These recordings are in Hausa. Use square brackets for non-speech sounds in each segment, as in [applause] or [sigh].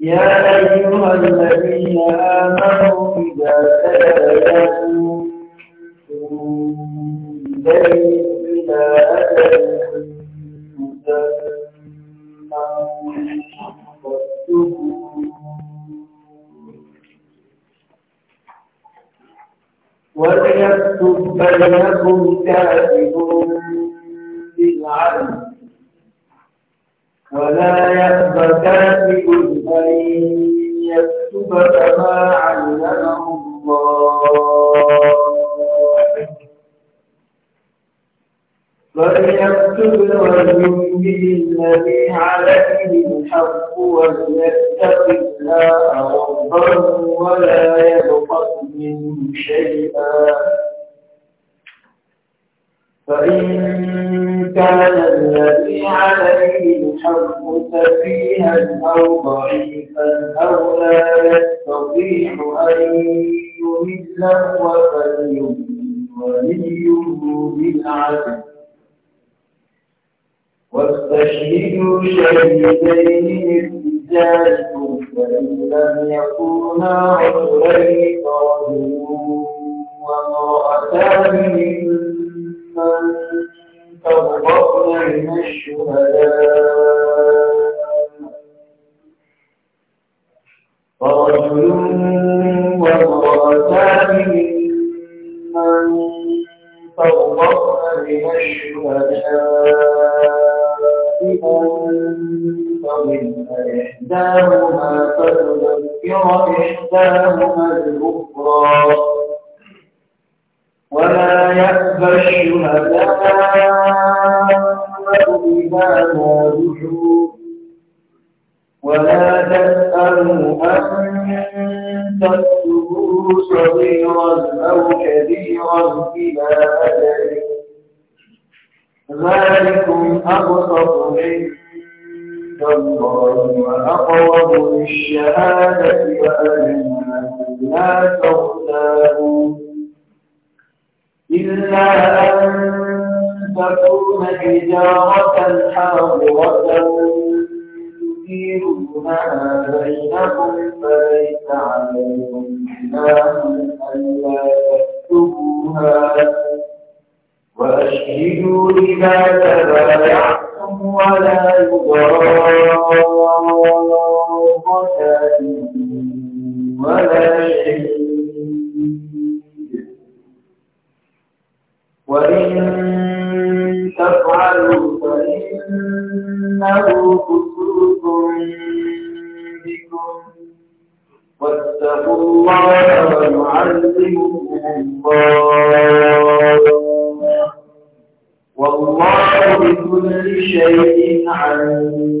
يا أيها الذين آمنوا إذا تداينتم بدين إلى أجل وليكتب بينكم كاتب بالعدل ولا يأبى كاتب أن يكتب كما علمه الله فليكتب وليملي الذي عليه الحق وليتق الله ربه ولا يبخس منه شيئا فإن كان الذي عليه الحق سفيها أو ضعيفا أو لا يستطيع أن يمل هو وليه بالعدل واستشهدوا شهيدين من فإن لم يكونا رجلين فرجل وامرأتان ممن فرجل وامرأتان ممن تغضبن من الشهداء أن فمن إحداهما تذكر إحداهما الأخرى ولا يأبى الشهداء إذا ما دعوا ولا تسألوا أن تكتبوا صغيرا أو كبيرا إلى أجله ذلكم أبسط عند الله وأقرب للشهادة وأن لا تغتابوا إلا أن تكون تجارة حاضرة تديرونها بينكم فليس عليكم جناح ألا تكتبوها وأشهدوا إذا تبايعتم ولا يضار ولا شيء وإن تفعلوا فإنه فسوق بكم واتقوا الله ويعلمكم الله والله بكل شيء عليم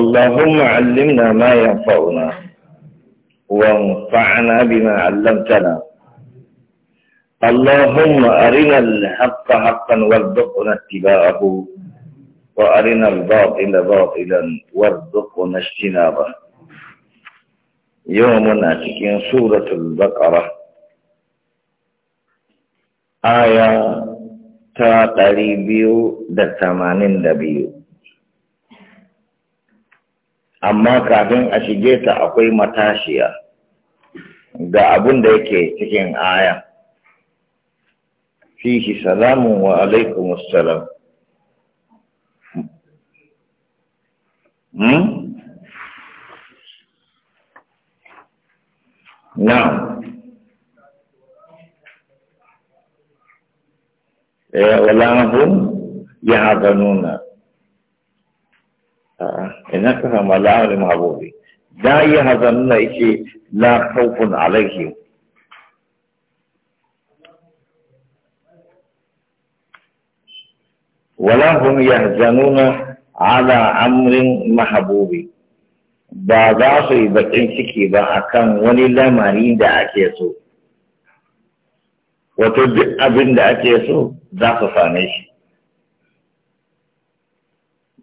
اللهم علمنا ما ينفعنا وانفعنا بما علمتنا اللهم أرنا الحق حقا وارزقنا اتباعه وأرنا الباطل باطلا وارزقنا اجتنابه يومنا تكين سورة البقرة آية تا قريبيو دا amma kafin a shige ta akwai matashiya ga abun da yake cikin aya fihi salamun wa alaikum assalam hmm? na eh wala hum ganuna ina ka samu la'arin mahabobi da yi hazan na ishe la khawfun alaihi wala hum yahzanuna ala amrin mahabubi ba za su yi bakin ciki ba akan wani lamari da ake so wato abin da ake so za su same shi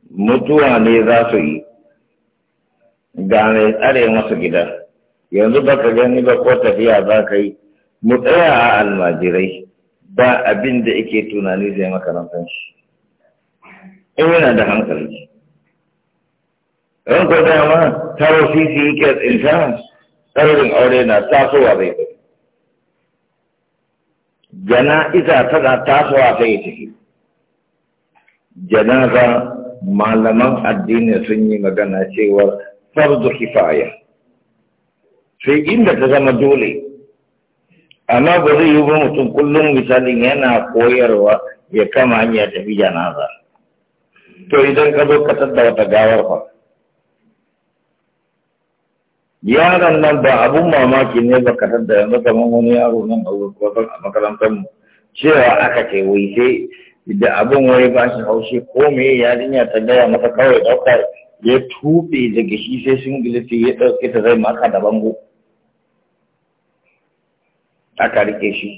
mutuwa ne za su yi ga mai tsare masu gida yanzu ba ka gani ba ko tafiya za ka yi mu tsaya a almajirai ba abin da yake tunani zai makarantar shi in yana da hankali ran ko dama taro sisi yake tsinta tsarin aure na tasowa zai tafi jana'iza tana tasowa ciki tafi za. malaman addini sun yi magana cewar farzu kifaya sai inda ta zama dole amma ba zai yi ba mutum kullum misalin yana koyarwa ya kama hanyar tafi janaza to idan ka zo ka tadda wata gawar fa yaron nan ba abun mamaki ne ba ka tadda yanzu wani yaro nan a makarantar mu cewa aka ce wai sai da abin wai ba shi haushi ko me yarinya ta gaya masa kawai dauka ya tuɓe daga shi sai singiliti ya ɗauke ta zai maka da bango aka rike shi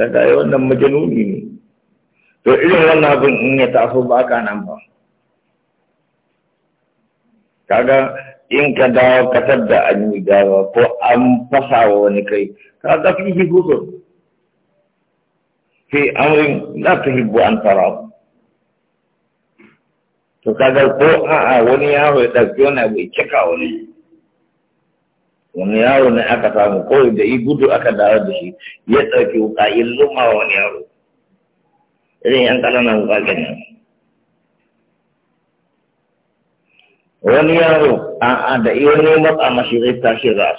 ta gaya wannan majanuni ne to irin wannan abin in ya taso ba ka nan ba kaga in ka dawo katar da an yi gawa ko an fasa wa wani kai ka fi shi fi amrin la tuhibbu an tarahu to kaga ko a'a wani yaro ya ɗauki wani abu ya cika wani wani yaro ne aka samu ko da yi gudu aka dawo da shi ya ɗauki wuka ya wani yaro irin yan ƙananan wuka kenan wani yaro a'a da iya wani matsa mashi zai tashi za a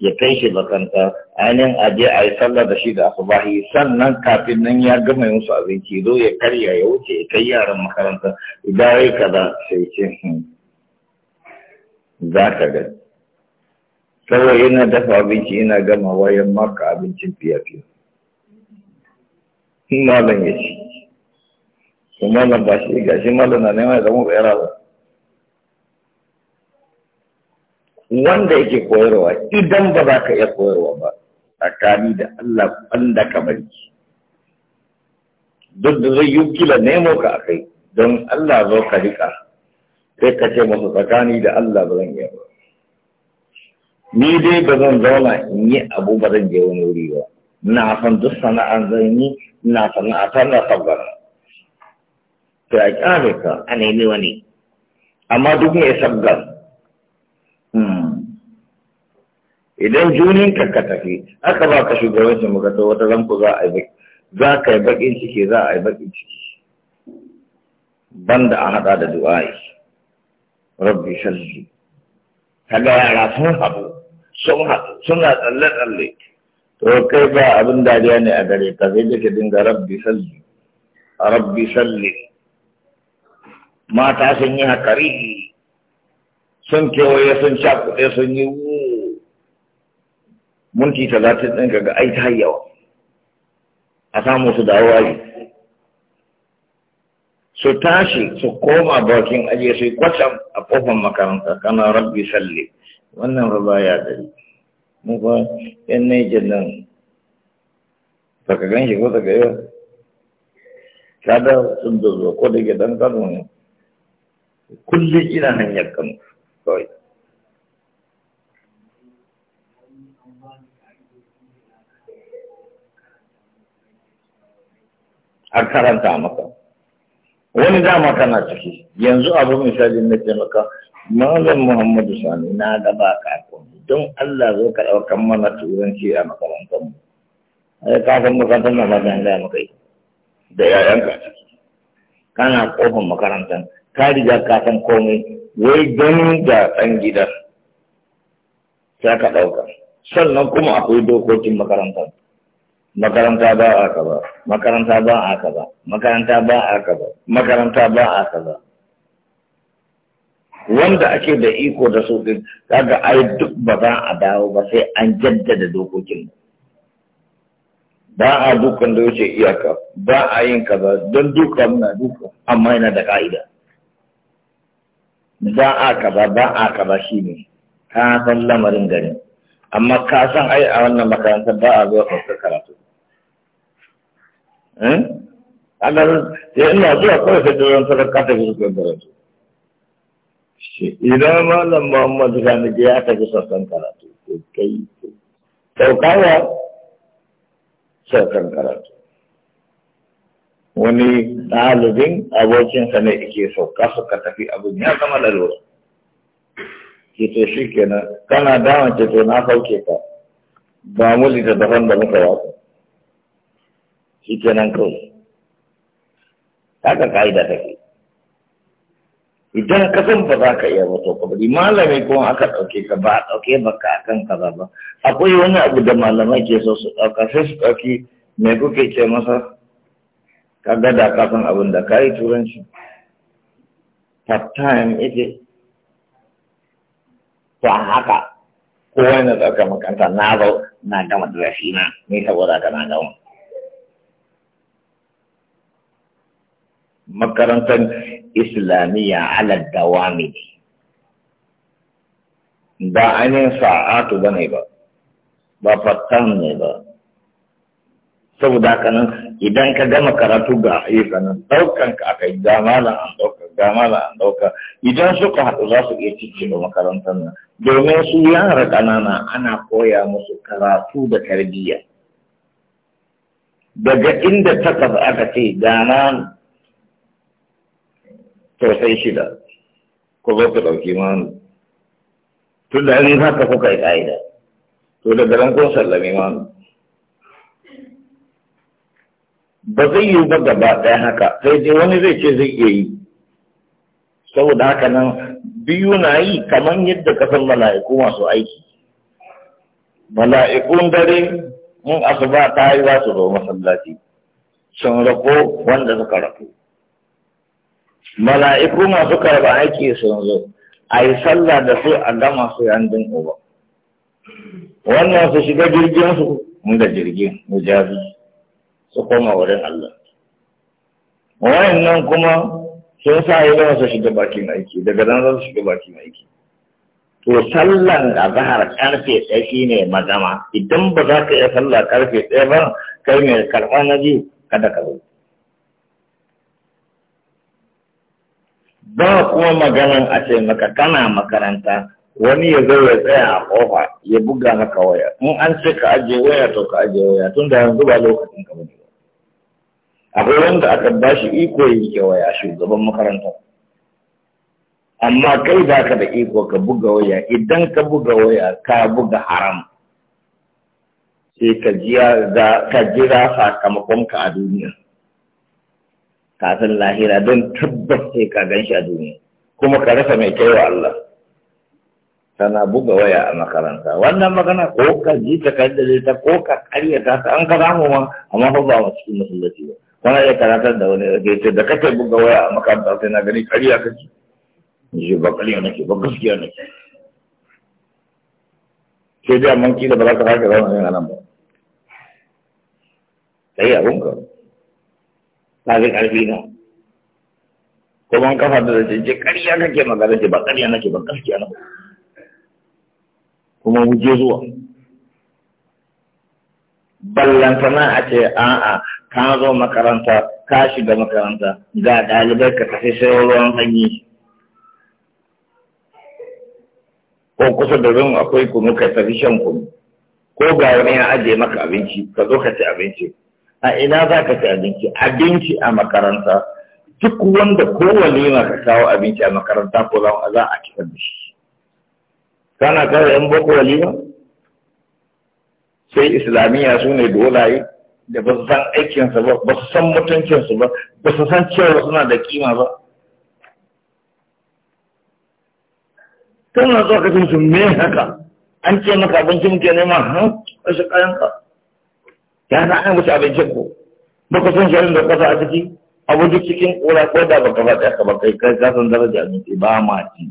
ya kai shi bakanta ainihin aje a yi sallah da shi da asubahi sannan kafin nan ya gama yin su abinci zo ya karya ya wuce ya kai yaran makaranta idan ya kaza sai ce hmm, za ka ga kawai yana dafa abinci yana gama wayan maka abincin fiye-fiye malam ya ci kuma malam ba shi shi malam na neman ya zama ɓera ba wanda yake koyarwa idan ba za ka iya koyarwa ba tsakani da Allah wanda ka bari duk da zai yi kila nemo ka akai don Allah zo ka rika sai ka ce masu tsakani da Allah ba zan iya ba ni dai ba zan zauna in yi abu ba zan je wani wuri ba na san duk sana'ar zan yi na sana'a ta na tabbara Sai a kyale ka a nemi wani amma duk ne sabgar idan junin ka ka tafi aka ba ka shugabanci muka to wata zanku za a yi za ka yi bakin ciki za a yi bakin ciki banda a hada da du'a'i rabbi shalli ga yara sun haɗu sun suna tsalle tsalle to kai ba abin dariya ne a gare ka sai dake dinga rabbi salli rabbi salli mata sun yi hakari sun kewaye sun cakuɗe sun yi wu minti talatin ɗin kaga ai ta yawa a samu su dawo aji su tashi su koma bakin ajiye su yi kwatsam a kofar makaranta kana rabbi salli wannan ruba ya dari mu ba yan naijin nan ba ka gan shi ko daga yau kada sun dozo ko da ke dan kano ne kullum ina hanyar kano kawai a karanta maka wani dama kana ciki yanzu abu misali na ce maka malam muhammadu sani na gaba kafin don allah zo ka ɗaukan mana turanci a makarantar mu ai kafin makarantar na mazan gaya maka yi da yayanka kana kofin makarantar ka riga kafin komai wai gani da ɗan gidan sai ka ɗauka sannan kuma akwai dokokin makarantar makaranta ba a ba makaranta ba a ba makaranta ba a ba makaranta ba a ba wanda ake da iko da su din kaga ai duk ba za a dawo ba sai an jaddada dokokin ba a dukkan da wuce iyaka ba a yin kaza don duka muna duka amma yana da ka'ida ba a kaza ba a kaza shine ka san lamarin garin amma ka san ai a wannan makarantar ba a zuwa kawai karatu hmm? anar ya ina zuwa kawai ka jiran sarar kata fi zuwa karatu idan malam muhammadu gani da ya tafi sassan karatu ko kai saukawa sassan karatu wani ɗalibin abokinsa ne ke sauka suka tafi abin ya zama lalura ce shi kenan kana dawon ce to na sauke ka ba mu littattafan da muka wasu shi kenan kawai haka ka'ida take idan ka san ba za ka iya wato kabari malami kuma aka ɗauke ka ba a ɗauke ba ka kan kaza ba akwai wani abu da malamai ke so su ɗauka sai su ɗauki me kuke ce masa ka gada ka san abin da ka yi turanci part time ita to a haka ko Wani tsarkar makanta na zo na gama zafi na ne saboda ka na gama makarantar islamiyya alal dawami ne ba yi sa'atu ba ne ba ba fatan ne ba saboda kanan idan ka gama karatu ga ayyuka nan daukan ka aka yi gama da an dauka gama da an dauka idan suka haɗu za su iya cikin makarantar nan domin su yara ƙanana ana koya musu karatu da tarbiyya daga inda takwas aka ce gana sosai shida ko zo ku ɗauki manu tun da yanzu haka kuka yi ƙa'ida to daga nan kun sallami manu ba zai yi ba gaba ɗaya haka sai dai wani zai ce zai iya yi saboda haka nan biyu na yi kamar yadda kasar mala'iku masu aiki mala'ikun dare mun asuba ta yi za su zo masallaci sun rako wanda suka rako mala'iku masu karɓa aiki sun zo a yi sallah da su a gama su yandun uba wannan su shiga jirgin su da jirgin mu jazi, su koma wurin Allah nan kuma sai sa yi da wasu shiga bakin aiki daga nan za su shiga bakin aiki to sallan a zahar karfe ɗaya shi ne magama idan ba za ka iya sallah karfe ɗaya ba kai mai karɓa na ji kada ka zo ba kuma maganan a ce maka kana makaranta wani ya zo ya tsaya a kofa ya buga maka waya in an ce ka ajiye waya to ka ajiye waya tun da yanzu ba lokacin ka bane akwai wanda aka ba shi iko yi kewaya shugaban makaranta amma kai za ka da iko ka buga waya idan ka buga waya ka buga haram sai ka jira sakamakonka a duniya kafin lahira don tabbas sai ka gan shi a duniya kuma ka rasa mai kai wa Allah tana buga waya a makaranta wannan magana ko ka ji ta kaddare ta ko ka karya ta an ka samu ma amma ba ba cikin masallaci ba kana iya karatar da wani rage ce da kake buga waya a makaranta sai na gani kariya kake shi ba ƙarya nake ba gaskiya nake sai dai amma kila ba za ka sake zama yin anan ba Sai abun ka ta zai ƙarfi na kuma an kafa da zai ce ƙarya kake magana ce ba ƙarya nake ba gaskiya nake kuma mu je zuwa ballantana a ce a'a ka zo makaranta ka shiga makaranta ga ɗalibai ka tafi sai ruwan hanyi ko kusa da zan akwai kunu ka tafi shan kunu ko ga wani ya ajiye maka abinci ka zo ka ci abinci a ina za ka ci abinci abinci a makaranta duk wanda kowane yana ka kawo abinci a makaranta ko za a kifar da shi kana kawo yan boko walima sai islamiyya su ne dolaye da ba su san aikinsa ba ba su san mutuncinsu ba ba su san cewa suna da kima ba tana zuwa kafin su me haka an ce maka abinci muke nema han wasu kayan ka ya na an wuce abincin ku ba ku san shirin da kasa a ciki duk cikin kura ko da baka faɗi ka ba kai kai kasan daraja abinci ba ma ci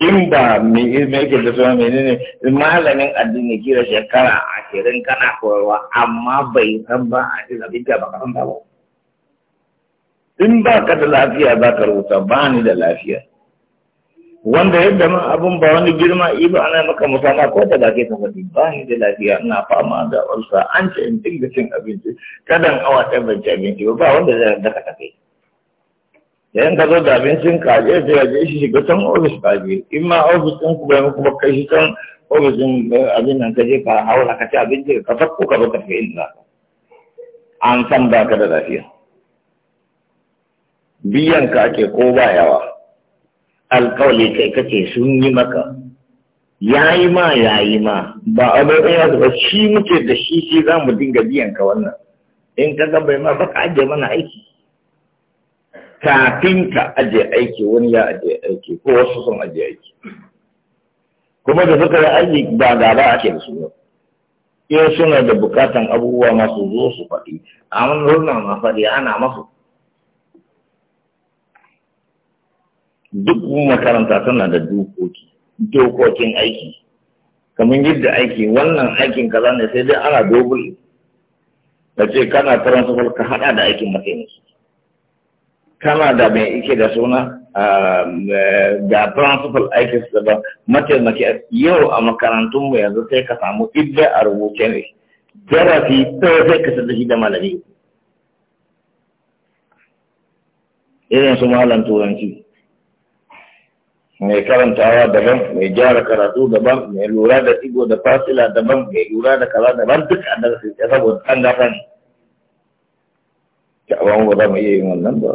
in ba mai yake da suna mai malamin addini kira shekara ashirin kana koyarwa amma bai san ba a cikin abin da ba kasan ba in ba ka da lafiya za ka rubuta ba ni da lafiya wanda yadda ma abin ba wani girma yi ba ana maka musama ko da ba ke ta faɗi ba ni da lafiya ina fama da ulsa an ce in cin abinci kadan awa ta ban ci abinci ba wanda zai daka ta kai yayin ka zo da abincin ka je sai je shi shiga can ofis ka je in ma ofis ɗin ku bai muku kai shi can ofis ɗin eh, abin nan ka je ka haura ka ci abinci ka fakko ka zo ka fahimta. inda an san ba ka da lafiya biyan ka ake ko ba yawa alkawali kai kace sun yi maka ya yi ma ya yi ma ba a ba ɗaya ba shi muke da shi shi za mu dinga biyan ka wannan in ka ga bai ma baka ajiye mana aiki kafin ka ajiye aiki wani ya ajiye aiki ko wasu sun ajiye aiki kuma da suka yi aiki ba gaba ake da su ba in suna da bukatan abubuwa masu zo su faɗi a wani runa ma faɗi ana masu duk makaranta tana da dokoki dokokin aiki kamar yadda aiki wannan aikin kaza ne sai dai ana dogul da ce kana transfer ka haɗa da aikin mataimaki kana da mai ike da suna um, eh, ga principal aikin su ba mataimaki yau a makarantunmu yanzu sai ka samu ibe a rubuce ne jarafi ɗaya sai ka shi da malami irin su malam turanci mai karantawa daban mai gyara karatu daban mai lura da igo da fasila daban mai lura da kaza daban duk a darasi saboda an gafa ne ta abin ba za mu iya yin wannan ba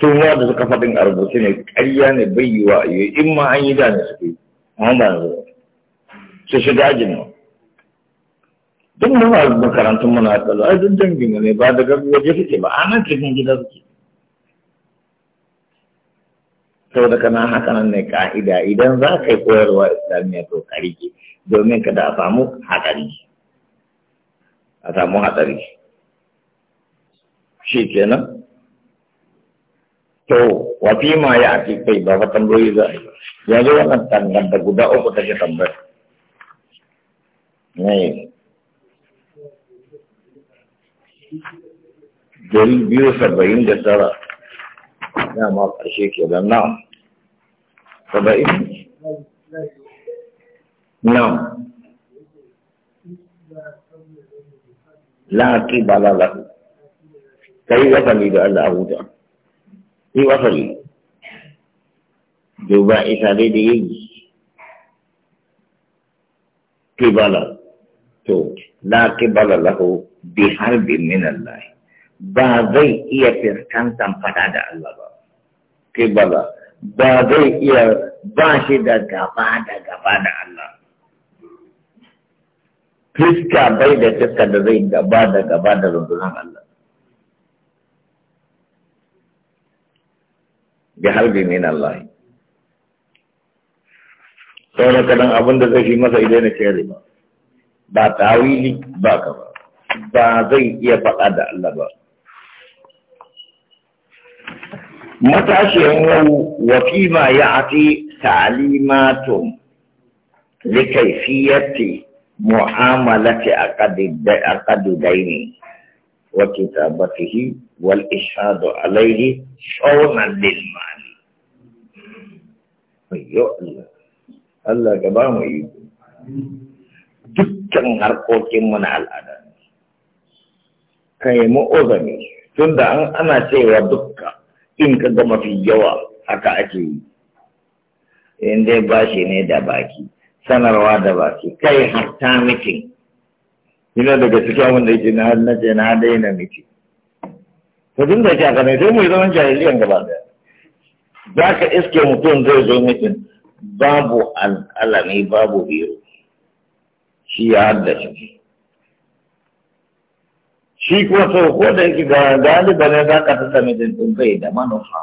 sun ma da suka faɗin a rubuce ne ƙarya ne bai yi wa yi in ma an yi da ne suke amma ba yanzu su shiga ajin nan duk muna makarantun muna tsalo ai duk dangin ne ba daga waje suke ba anan cikin gida suke Sau da kana haka nan ne ka'ida idan za ka yi koyarwa islamiyya to ka rike domin kada a samu hatsari a samu hatsari shi kenan To, wafi ma ya ake kai ba fa tambayoyi za a yi. Yanzu wannan tanganta guda uku take tambaya. Ne. Dari biyu saba'in da tara. Ya ma ƙarshe ke da na. Saba'in? Na. La ba la la. Kai ni da Allah a yi wasali duba isa dai da yi kibala to da kibala lahu bi harbin min Allah ba zai iya fuskantar fada da Allah ba kibala ba zai iya ba shi da gaba da gaba da Allah fiska bai da fiska da zai gaba da gaba da rundunar Allah bi harbi min Allah na kadan abin da zai masa idai na ce riba ba tawili ba ka ba ba zai iya faɗa da Allah ba Matashin yau wa fi ma ya'ti ta'limatun likaifiyati mu'amalati aqdi daini wa kitabatihi wal ishadu alayhi shawna lil mal Ayyo Allah, Allah ka ba mu yi. Dukkan harkokinmu na al'ada ne. mu yi tun da an ana cewa dukka in ka ga mafi yawa haka ake yi. In dai bashi ne da baki, sanarwa da baki, kai hatta mitin. Ina daga cikin wanda yake na na daina mitin. Ka dinga shi a sai mu yi zaman jahiliyan gaba daya. za ka iske mutum zai zo mutum babu alami babu biyu shi ya hada shi kuma sau ko da yake ga galiba ne za ka tasa mutum tun bai da manufa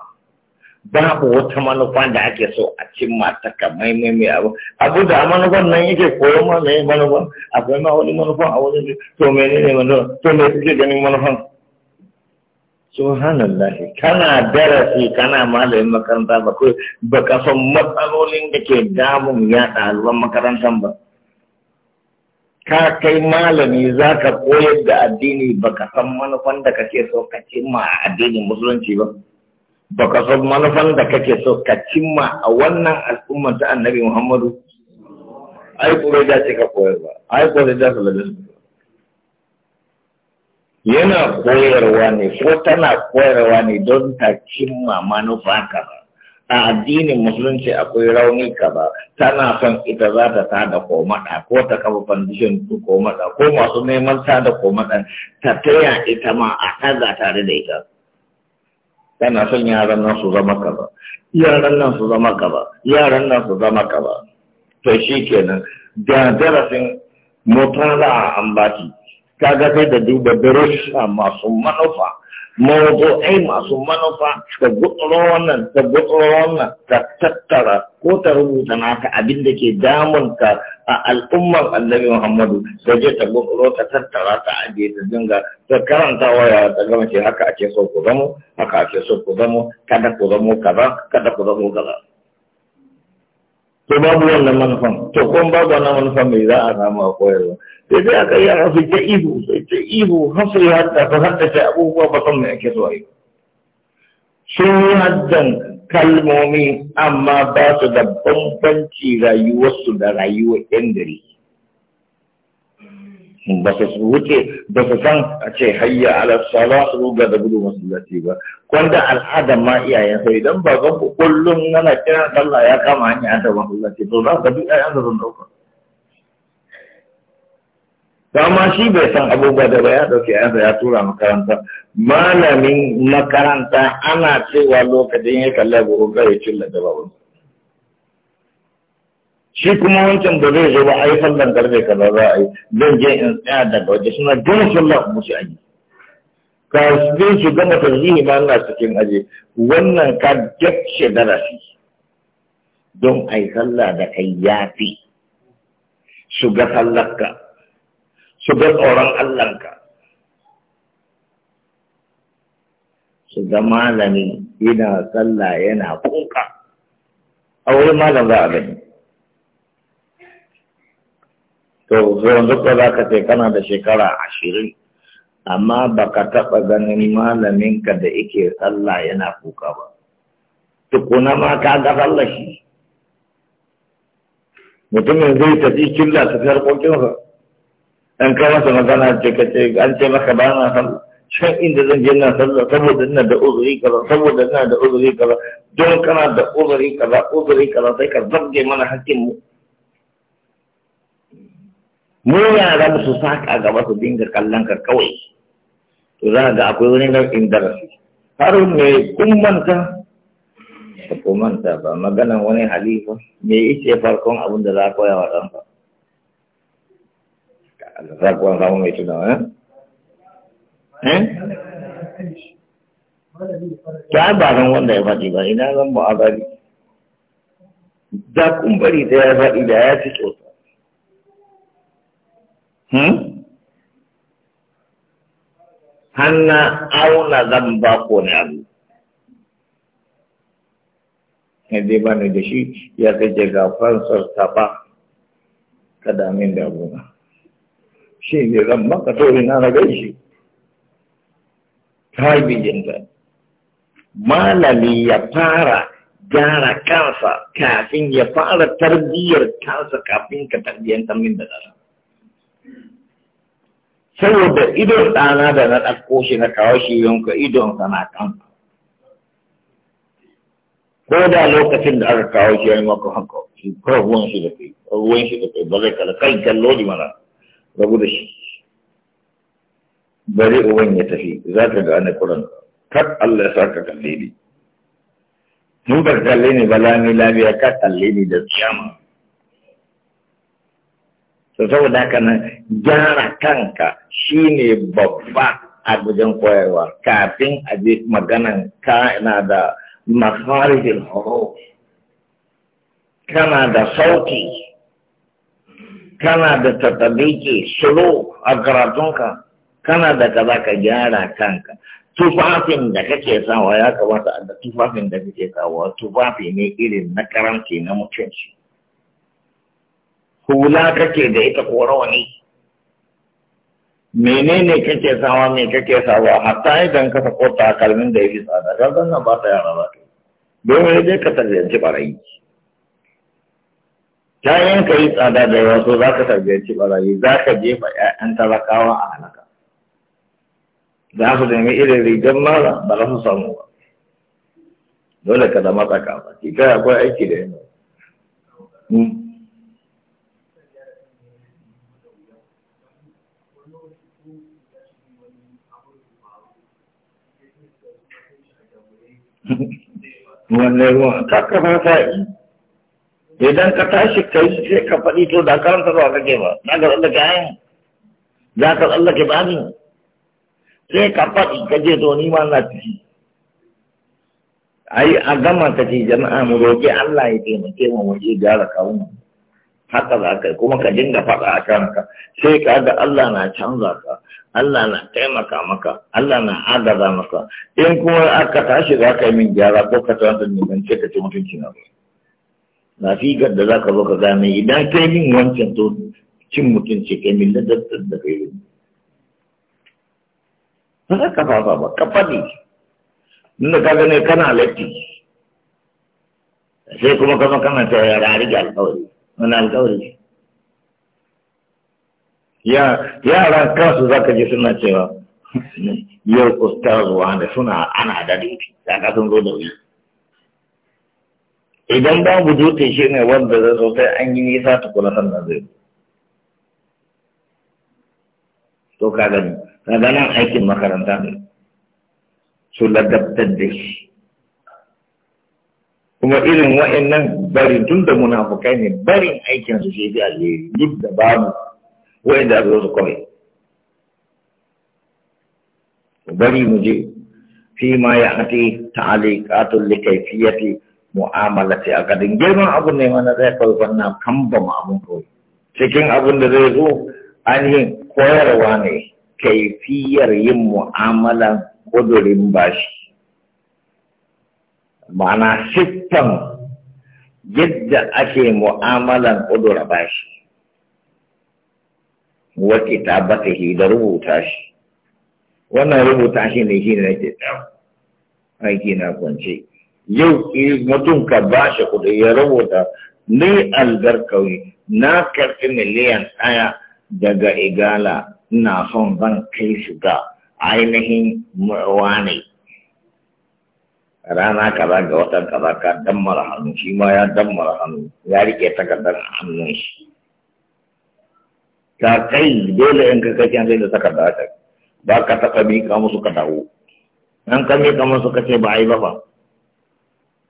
babu wata manufa da ake so a cin mata ka mai abu abu da manufan nan yake koyon ma mai manufan akwai ma wani manufan a wani to menene manufan to me kuke ganin manufan subhanallah kana darasi kana malamin makaranta ba ko ba ka san matsalolin da ke damun ya ɗaliban makarantar ba ka kai malami za ka koyar da addini ba ka san manufan da kake so ka cimma a addinin musulunci ba ba ka san manufan da kake so ka cimma a wannan al'ummar ta annabi muhammadu ai kuma da ce ka koyar ba ai kuwa da koyar ba yana koyarwa ne ko tana koyarwa ne don ta cimma manufa ba a addinin musulunci akwai rauni ba tana son ita za ta tada komada ko ta kafa fandishin komada ko masu neman tada komada ta taya ita ma a taza tare da ita tana son yaran nan su zama ba yaran nan su zama ba yaran nan su zama ba to shi kenan da darasin mutala a ambaci kaga sai da duba a masu manufa ai masu manufa ta gutsuro wannan ta gutsuro wannan ta tattara ko ta rubuta naka abin da ke damun ka a al'ummar annabi muhammadu ta je ta gutsuro ta tattara ta ajiye ta dinga ta karanta waya ta gama ce haka ake so ku zamo haka ake so ku zamo kada ku zamo kaza kada ku zamo kaza to babu wannan manufan to kuma babu wannan manufan me za a samu a koyarwa تذاك يا غفي تأيبه تأيبه غفي هدى فهدى تأبوه ان كذوي سوى هدى كالمومي أما بات دبن بنتي رايو وصد رايو اندري بس سبوتي بس سان أتي حيا على الصلاة روغا دبلو مسلتي با كوانتا الحادة ما إيا يسوي دم باقب كلنا نتنا صلى يا كمان يا دبلو مسلتي بلو دبلو يا دبلو مسلتي dama shi bai san abubuwa da ba ya ɗauki yansa ya tura makaranta malamin makaranta ana cewa lokacin ya kalla guru ya cilla da babu shi kuma wancan da zai zo ba a yi sallan karfe kaza za a yi zan je in tsaya daga waje suna gama sallan kuma shi aji ka zai shi gama tarzihi ma na cikin aji wannan ka dace darasi don a yi sallah da kai fi su ga ka su tsoron Allahnka su ga malami yana sallah yana kuka a wurin malam za a gani to zuwan zuwa za ka kana da shekara ashirin amma ba ka taɓa ganin malaminka da ike sallah yana kuka ba tukuna ma ka ga sallah shi mutumin zai tafi killa su harkokinsa an kai masa magana ce ka ce an ce maka ba na san shan inda zan je na sallah saboda ina da uzuri kaza saboda ina da uzuri kaza don kana da uzuri kaza uzuri kaza sai ka zabge mana hakkin mu mu yara mu su saka gaba su dinga kallon ka kawai to za ga akwai wani nau'in darasi har me kun manta ko manta ba maganan wani halifa me yake farkon abin da za ka koya wa ɗanka raguwan samu mai tunawa eh? eh? ta ba nan wanda ya faɗi ba ina zan mu azari da kumbari da ya faɗi da ya fi tsotsa hmm? hanna auna zan ba ko ne abu ya kai ga fansar taɓa kada min da abu na shi ne rabban ka to ina na gaishe bijinta. malami ya fara gyara kansa kafin ya fara tarbiyyar kansa kafin ka tarbiyyar tamin da ɗana saboda idon ɗana da na ɗauko shi na kawo shi yanka idon na kan ko da lokacin da aka kawo shi ya yi maka haka shi kawai ruwan shi da kai ruwan shi da kai ba zai kala kai kallo di mana rabu da shi bari uban ya tafi za ka gane kuran kar Allah ya sa kalle ni mun ka kalle ni ba lami ya ka kalle ni da tsiyama to saboda haka nan gyara kanka shine babba a gujen koyarwa kafin a je maganan ka na da mafarihin horo kana da sauti kana da tattabiki shiro a karatunka kana da kaza ka gyara kanka tufafin da kake sawa ya kamata a da tufafin da kake sawa tufafi ne irin na karanci na mutunci hula kake da ita ko ne. menene kake sawa me kake sawa hatta idan ka sako takalmin da yafi tsada ka zanna ba ta yara ba domin dai ka tarbiyanci barayi kayan ka yi tsada da yawa so za ka tarbiyanci barayi za ka jefa 'ya'yan talakawa a halaka za su nemi irin rigar mara ba za su samu ba dole ka zama tsaka ki kai akwai aiki da yawa hmm. [laughs] wannan ruwan ta yi. idan ka tashi kai sai ka faɗi to da karanta zuwa kake ba za ka tsallake ayan za ka ke bani sai ka faɗi ka je to ni ma na ciki ai a gama ka ci jama'a mu roƙi Allah ya taimake mu mu je kawo mu haka za ka kuma ka dinga faɗa a kanka sai ka ga Allah na canza ka Allah na taimaka maka Allah na adaba maka in kuma aka tashi za ka yi min gyara ko ka tsanta ne ban ce ka ce mutunci na ba nafikar da za ka zo ka gane idan kai min wancan to cin mutunci kai min ladattar da kai yi ba ka fafa ba ka faɗi inda ka gane kana latti sai kuma kama kana ta yara rage alkawari wani alkawari yaran kansu za ka ji suna cewa yau ustaz wanda suna ana da dinki za ka sun zo da wuyi idan babu dutse shi ne wanda zai so sai an yi nisa ta kula sannan zai to ka gani Na gana aikin makaranta ne su ladabtar da shi kuma irin wa'annan bari tun da munafukai ne barin aikin su shi a alheri duk da babu wa'anda zo su kawai bari mu je fi ma ya ati ta'aliqatul likayfiyati mu'amala ce a garin girman abun ne mana zai kawai wannan kamba abun kawai cikin abun da zai zo an yi koyarwa ne kaifiyar yin mu'amalan kudurin bashi ma'ana siffan yadda ake mu'amalan kudura bashi wa kitabatihi da rubuta shi wannan rubuta shi ne shi ne nake aiki na kwance yau mutum ka ba shi kuɗi ya rubuta ni kauye na karfi miliyan ɗaya daga igala ina son zan kai su ga ainihin murwa ne rana kaza ga watan kaza ka dammara hannu shi ma ya dammara hannu ya rike takardar hannun shi ta kai dole in ka kai zai da takarda ta ba ka taɓa miƙa musu ka dawo an ka miƙa musu ka ce ba a yi ba ba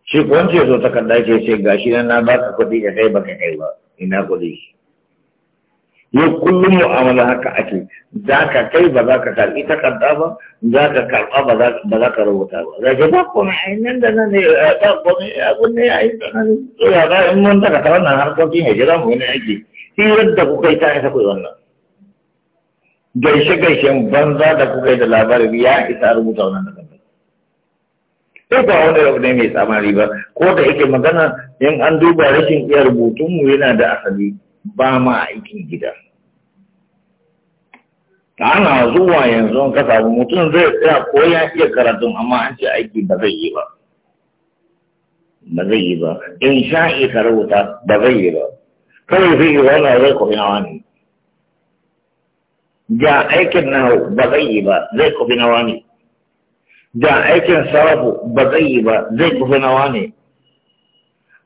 shi kwanci zo takarda ke ga shi nan na ba ka kuɗi ka kai ba ka kai ba ina kuɗi yau kullum mu'amala haka ake za ka kai ba za ka karɓi takarda ba za ka karɓa ba za ka rubuta ba za ka ba kuma ainihin da nan ne ba kuma abin ne a yi tsananin tsoya ba in mun daga ta nan harkokin ya jira mu ne aiki shi da ku yi ta isa ku wannan gaishe-gaishen banza da ku yi da labarin ya isa rubuta wannan daga sai ba wani rabu ne mai tsamari ba ko da yake magana in an duba rashin iya rubutunmu yana da asali ba ma aikin gida ana zuwa yanzu an ka samu mutum zai tsaya ko ya iya karatun amma an ce aiki ba zai yi ba ba zai yi ba in sha ka rubuta ba zai yi ba kawai zai yi ba wani zai kofi na wani. ga aikin na ba zai yi ba zai kofi na wani. da aikin sarrafu ba zai yi ba zai kufi nawa ne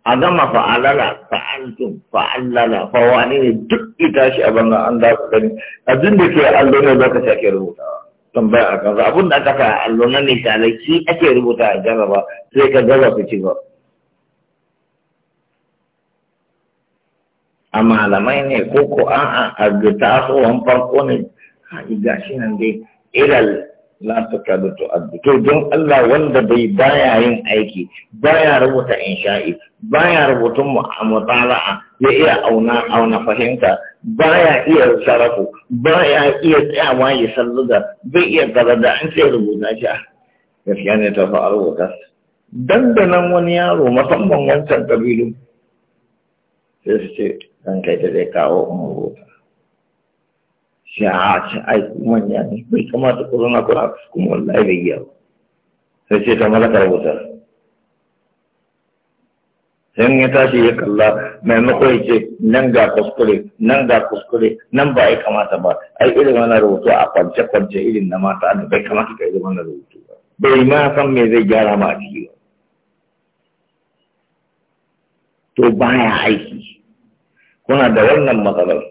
a gama fa'alala fa'altum fa'allala fa'wani ne duk ita shi a banga an za su gani abin da ke allo ne za ka sake rubutawa tambaya a kansa abin da aka sa allo na misalai shi ake rubuta a jarraba sai ka gaza ku ci ba a malamai ne ko ko an a tasowan farko ne ha shi nan dai ilal la da tu'addu to don Allah wanda bai baya yin aiki baya rubuta insha'i baya a mu'amala ya iya auna auna fahimta baya iya sarrafu baya iya tsayawa ya salluga bai iya garada an sai rubuta shi gaskiya ne ta fa rubuta dandanan wani yaro musamman wancan kabilu sai su ce kai ta zai kawo in ta shi a shi ai manya ne bai kamata ku zauna kuna kuma wallahi bai yi ba sai ce ta malakar wutar sai ya tashi ya kalla maimako ya ce nan ga kuskure nan ga kuskure nan ba ya kamata ba ai irin wannan rubutu a kwance kwance irin na mata da bai kamata ka irin wannan rubutu ba bai ma san me zai gyara ma a to ba to baya aiki na da wannan matsalar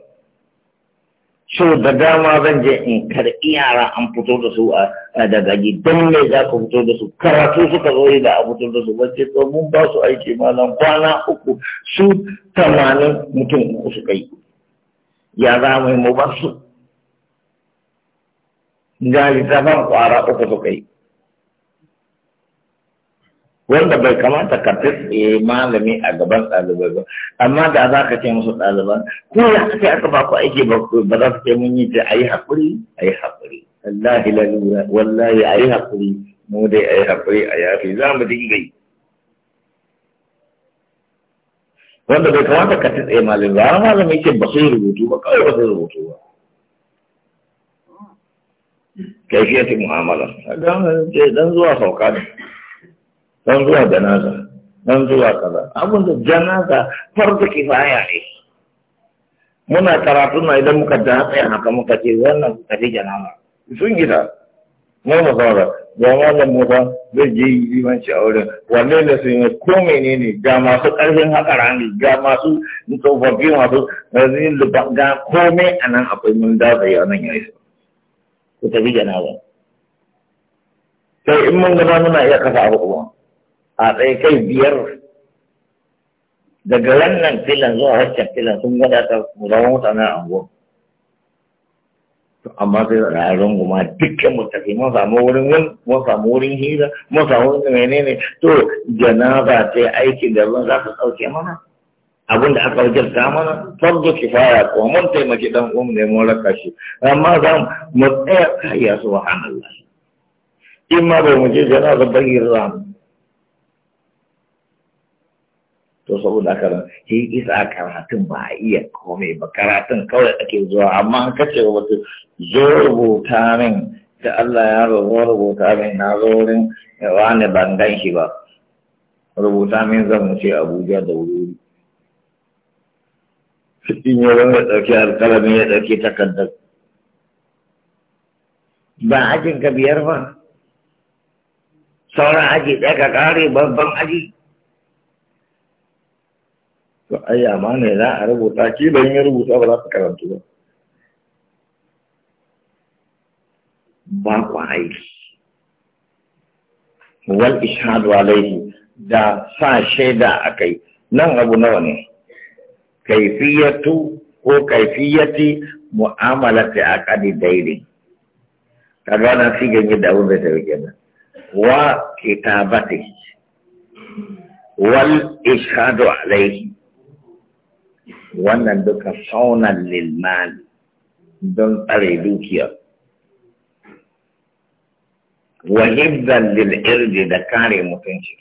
so da dama zan je in karɓi yara an fito da su a daga gidan me za ka fito da su karatu suka zo yi da a fito da su wacce to mun ba su aiki malam kwana uku su tamanin mutum uku su kai ya za mu yi mu ba su ga littafin kwara uku su kai wanda bai kamata ka tsaye malami a gaban ɗalibai ba amma da za ka ce musu ɗaliban ko ya ake aka ba ku aiki ba ba za su ce mun yi ta a yi haƙuri a yi haƙuri wallahi lalura wallahi a yi haƙuri mu dai a yi haƙuri a yafi za mu dinga yi wanda bai kamata ka tsaye malami ba malami ce ba su yi rubutu ba kawai ba su yi rubutu ba kaifiyar mu'amala dan zuwa sauka ne dan zuwa janaza dan zuwa kaza abin da janaza farko kifaya ne muna karatu na idan muka da tsaya haka muka ce wannan ka ce janaza sun gida mun mu fara ga malam Musa zai je limanci a wurin wanne ne sun yi ko menene ga masu karfin haka rani ga masu tsofaffi masu razin luba ga komai a nan akwai mun dafa ya nan ya isa ku tafi janaza sai in mun gaba muna iya kasa abu kuma a tsaye kai biyar daga wannan filan zuwa harshen filan sun gwada ta zama mutanen anguwa amma sai da rarun guma dukkan mu mun samu wurin wani mun samu wurin hira mun samu wurin menene to janaza ta aiki da ruwan za ka sauke mana abin da aka wajen ta mana fardu kifaya ko mun taimaki dan uwan ne mun raka shi amma za mu tsaya kayya subhanallah in ma bai mu je janaza bayyana to saboda haka nan shi isa karatun ba a iya komai ba karatun kawai ake zuwa amma an kace wa mutum zo rubuta min da Allah ya zo rubuta min na zo wurin wani ban gan shi ba rubuta min zan wuce Abuja da wuri in ya wani ɗauki alƙalamin ya ɗauki takardar ba ajin ka biyar ba sauran aji ɗaya ka ƙare babban aji to ai amma ne za a rubuta kila in ya rubuta ba za ka karantu ba ba ku aiki wal ishadu alaihi da sa shaida akai nan abu nawa ne kaifiyatu ko kaifiyati mu'amalati aqdi daidai kaga na fi ganye da abin da ta rike nan wa kitabati wal ishadu alaihi wannan duka saunan lilmali don tsare dukiya wahibdan lil'irji da kare mutunci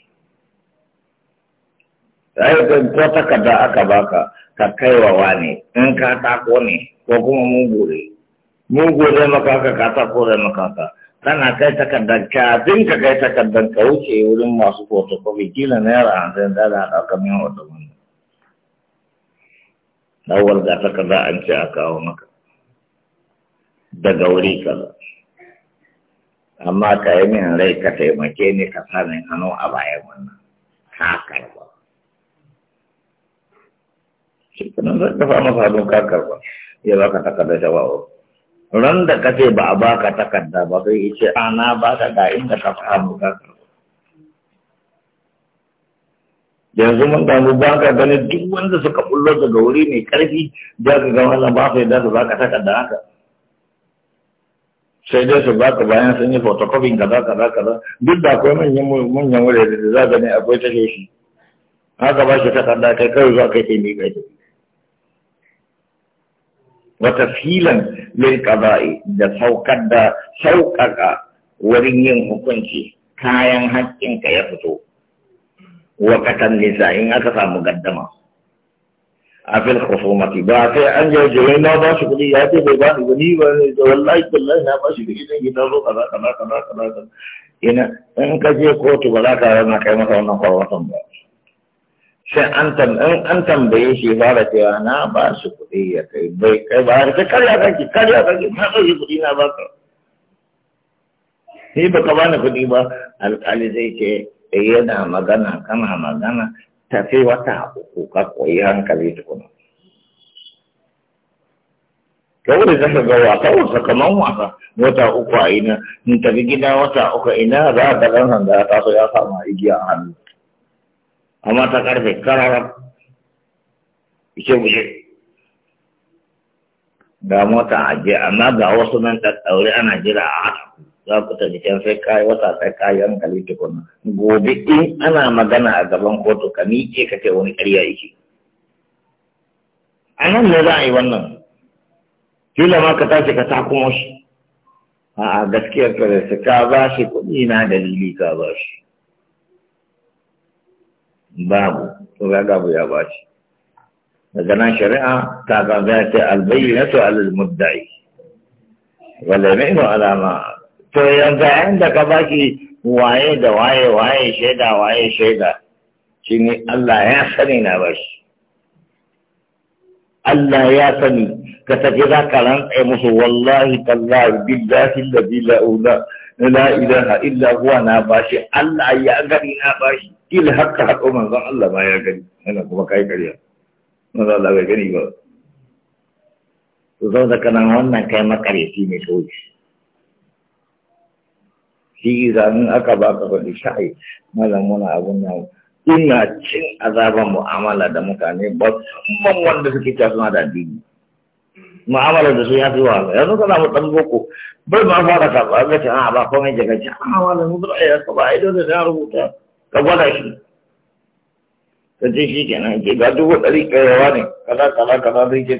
sai ko takarda aka baka ka kaiwa wane in ka tako ne ko kuma mugu ne mugu zai makaka ka tako zai makaka kana kai takardar kafin ka kai takardar ka wuce wurin masu fotokofi kila naira hamsin da da ɗaukar min wata wannan dawar da ta kaza an ce a kawo maka daga wuri kaza amma ka yi min rai ka taimake ni ka sanin hannu a bayan wannan ka karba shi kanan zai kafa masa hannu ka karba ya baka takarda shawa'o ran da ka ce ba a baka takarda ba sai ce ana ka ga inda ka samu ka karba yanzu mun damu ba ka ganin duk wanda suka bullo daga wuri mai karfi za ka gama na ba sai da su ba ka da haka sai dai su ba ka bayan sun yi photocopying kaza kaza kaza duk da akwai manyan manyan wuri da za ka ne akwai tashe shi haka ba shi takarda kai kai zuwa kai kai ne kai wata filan lil qada'i da saukar da saukaka wurin yin hukunci kayan haƙƙinka ya fito وكتن نساء إن أكثر مقدمة أفي الخصومة با في أن جوجوين لا باش بني ياتي بيبان بني والله بالله لا باش بني جي نرو كذا كذا كذا كذا كذا إن إن كجي كوتو بلا كذا ما كيما كونا قرواتهم با sai an tambaye an tambaye shi ba da cewa na ba su kuɗi ya kai bai kai ba da kai kariya kake kariya kake na ɗauki kuɗi Eh, yana magana kana magana tafi wata uku ka koyi hankali tukuna kawai da zaka ga wasa wasa kamar wasa wata uku a ina in tafi gida wata uku ina za ka ɗan hanga ta so ya samu igiya a hannu amma ta karfe kararar ishe bushe Da mota a je amma ga wasu nan ɗaure ana jira a za ku tafi jikin sai kayi wata sai kayi hankali tukuna gobe in ana magana a gaban kotu ka miƙe ka ce wani ƙarya yake a nan ne za a yi wannan kila ma ka tashi ka kuma shi a gaskiyar ka da su ka ba shi kuɗi na dalili ka ba shi babu to ga gabu ya ba shi daga nan shari'a ta ga ta albayyana to alal mudda'i wala ina alama to yanzu yayin da ka baki waye da waye waye shaida waye shaida shi ne Allah ya sani na bashi Allah ya sani ka tafi za ka rantsa musu wallahi tallahi billahi alladhi la ula la ilaha illa huwa na bashi Allah ya gani na bashi kila haka hako manzon Allah ma ya gani yana kuma kai kariya manzon Allah bai gani ba to saboda kana wannan kai makareci ne soji shi aka baka kuɗi sha'i malam muna abun nan ina cin azaban mu'amala da mutane ba musamman wanda suke cewa suna da addini mu'amala da su ya fi wahala yanzu kana mu dan boko bai ma fara ka ba ga a ba komai daga ci a ah, malam mu da ya ba ai dole da rubuta ka gwada shi ka ce shi kenan ke ga dubu ɗari kayawa ne kaza kaza kaza zai ke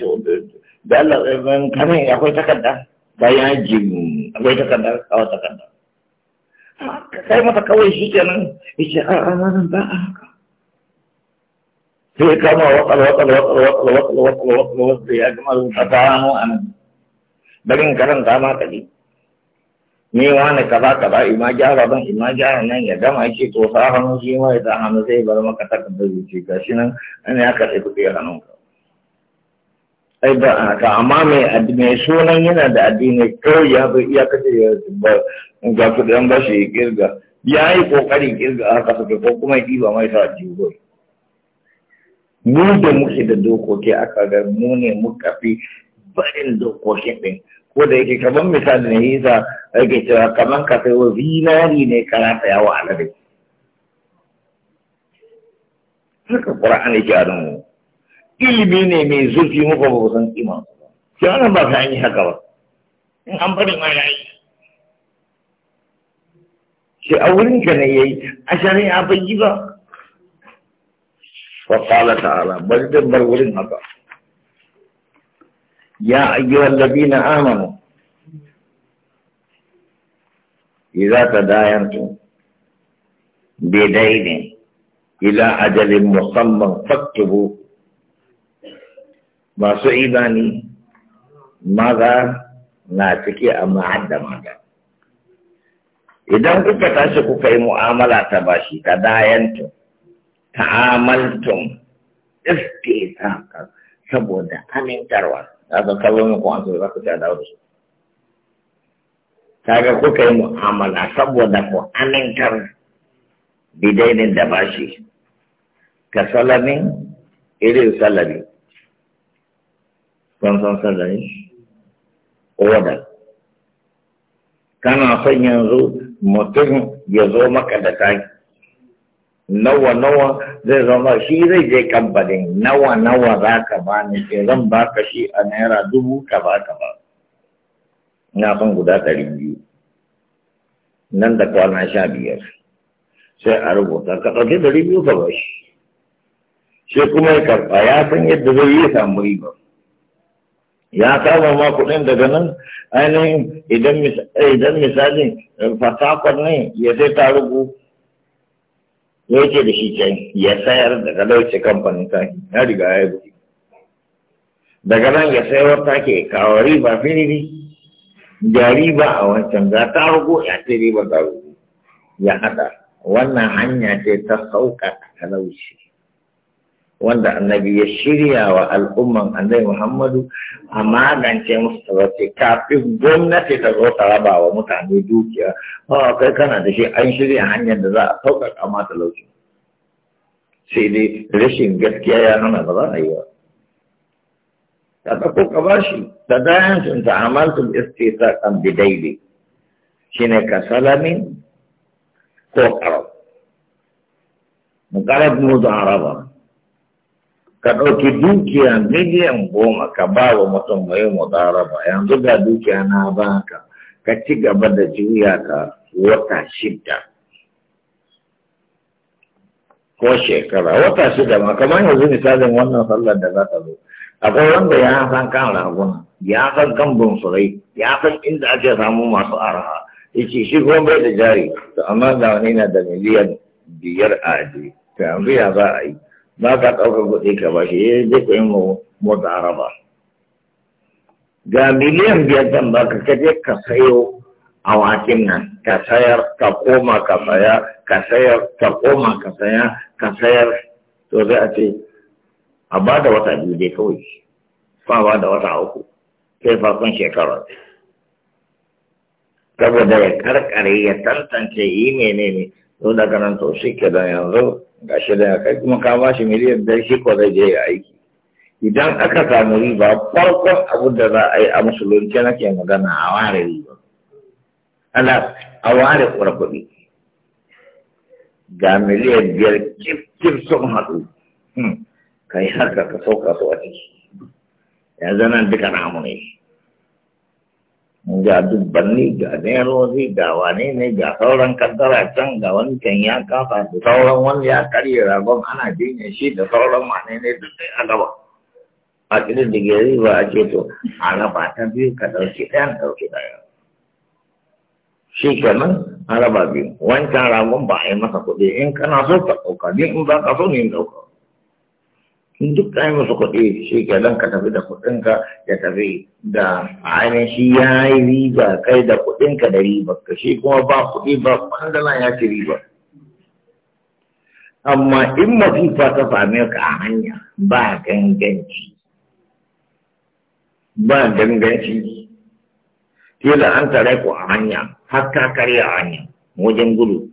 da Allah tsaye eh, kan akwai takarda bayan jin akwai takarda kawai takarda ka kai mata kawai shi kenan yace a ranar ba a haka sai kama wakal kaza nan ya gama to hannu shi bar maka ga nan ka ai ba haka amma mai sunan yana da addini kawai ya zo iya kace ya ga kuɗi an ba shi kirga ya yi ƙoƙarin kirga haka suke ko kuma ya ɗiba mai sa jigo mu da muke da dokoki aka ga mu ne muka fi barin dokokin ɗin ko da yake kamar misali na hisa ake cewa kamar ka sai wa zinari ne kana saya wa alade haka ƙura'an yake a mu ilimi ne mai zurfi muku ba san kima sai wannan ba ka yi haka ba in an bari ma yayi shi a wurin ka ne yayi a shari'a bai yi ba fa qala ta'ala bari dan bar wurin haka ya ayyuhal ladina amanu idza tadayantum bidainin ila ajalin musamman faktubu masu imani maza na cike amma ma'adda maza idan kuka tashi kuka yi mu'amala ta bashi ta dayantum ta'amaltum iske ta saboda amintarwa ta san kallon mu su? za ku ta dawo su ga kuka yi mu'amala saboda ku amintar bidainin da bashi ka salamin irin salami kan san sarari oda kana son yanzu mutum ya zo maka da taki nawa nawa zai zama shi zai je kamfanin nawa nawa za ka ba ni ke zan ba ka shi a naira dubu ka ba ka ba na son guda ɗari biyu nan da kwana sha biyar sai a rubuta ka ɗauki ɗari biyu ka ba shi sai kuma ya karɓa ya san yadda zai yi samu riba ya kama ma kuɗin daga nan ainihin idan misalin eh, fasakon ne ya sai ta rugu ya ce da shi can ya sayar daga lauce kamfanin taki na riga ya yi daga nan ya sayar take kawo riba firiri da riba a wancan za ta rugu ya ce riba ta rugu ya haɗa wannan hanya ce ta sauƙaƙa talauci wanda annabi ya shirya wa al'umman annabi Muhammadu a magance musu ce kafin gwamnati ta zo ta raba wa mutane dukiya ba a kai kana da shi an shirya hanyar da za a sauƙaƙa ma lauci sai dai rashin gaskiya ya nuna ba za a yi ba ta ɗauko ka ba shi ta dayan sun ta amaltul istisa kan bidaili shine ka salamin ko mu muƙarab mu da araba ka ɗauki dukiya miliyan goma ka ba wa mutum mai ba, yanzu ga dukiya na baka ka ci gaba da juya ka wata shida ko shekara wata shida ma kamar yanzu misalin wannan sallar da za ta zo akwai wanda ya san kan raguna ya san kan bunsurai ya san inda ake samu masu araha yace shi gombe bai da jari to amma ga wani na da miliyan biyar a ajiye ta yanzu za a yi ba ka ɗauka kuɗi ka ba shi yi je ka yi mota araba ga miliyan biyar zan ba ka kaje ka sayo a wakin nan ka sayar ka koma ka saya ka sayar ka koma ka saya ka sayar to sai a ce a ba da wata biyu dai kawai fa ba da wata uku sai farkon shekarar saboda ya karkare ya tantance yi menene to daga nan to shi ke yanzu ga shi da kai kuma ka ba shi miliyan biyar shi ko zai je ya aiki idan aka samu riba farkon abu da za a yi a musulunci nake magana a ware riba ana a ware kuɗi ga miliyan biyar kifkif sun haɗu hmm, ka yi haka ka sauka su a ciki yanzu nan duka namu ne ga dubbanni ga nerori ga wane ne ga sauran kaddara can ga wancan ya kafa da sauran wani ya karye ragon ana jinya shi da sauran wane ne da sai a gaba a cikin digiri ba a ce to a raba ta biyu ka ɗauki ɗayan ɗauki ɗaya shi kenan a raba biyu wancan ragon ba a yi masa kuɗi in kana so ka ɗauka ni in ba ka so ne in ɗauka duk ka yi musu kuɗi shi ke don ka tafi da kuɗinka ya tafi da ainihin shi ya yi riba kai da kuɗinka da riba ka shi kuma ba kuɗi ba kwandala ya ci riba amma in masifa ta same ka a hanya ba ganganci ba ganganci da an tare ku a hanya har ka karya a hanya wajen gudu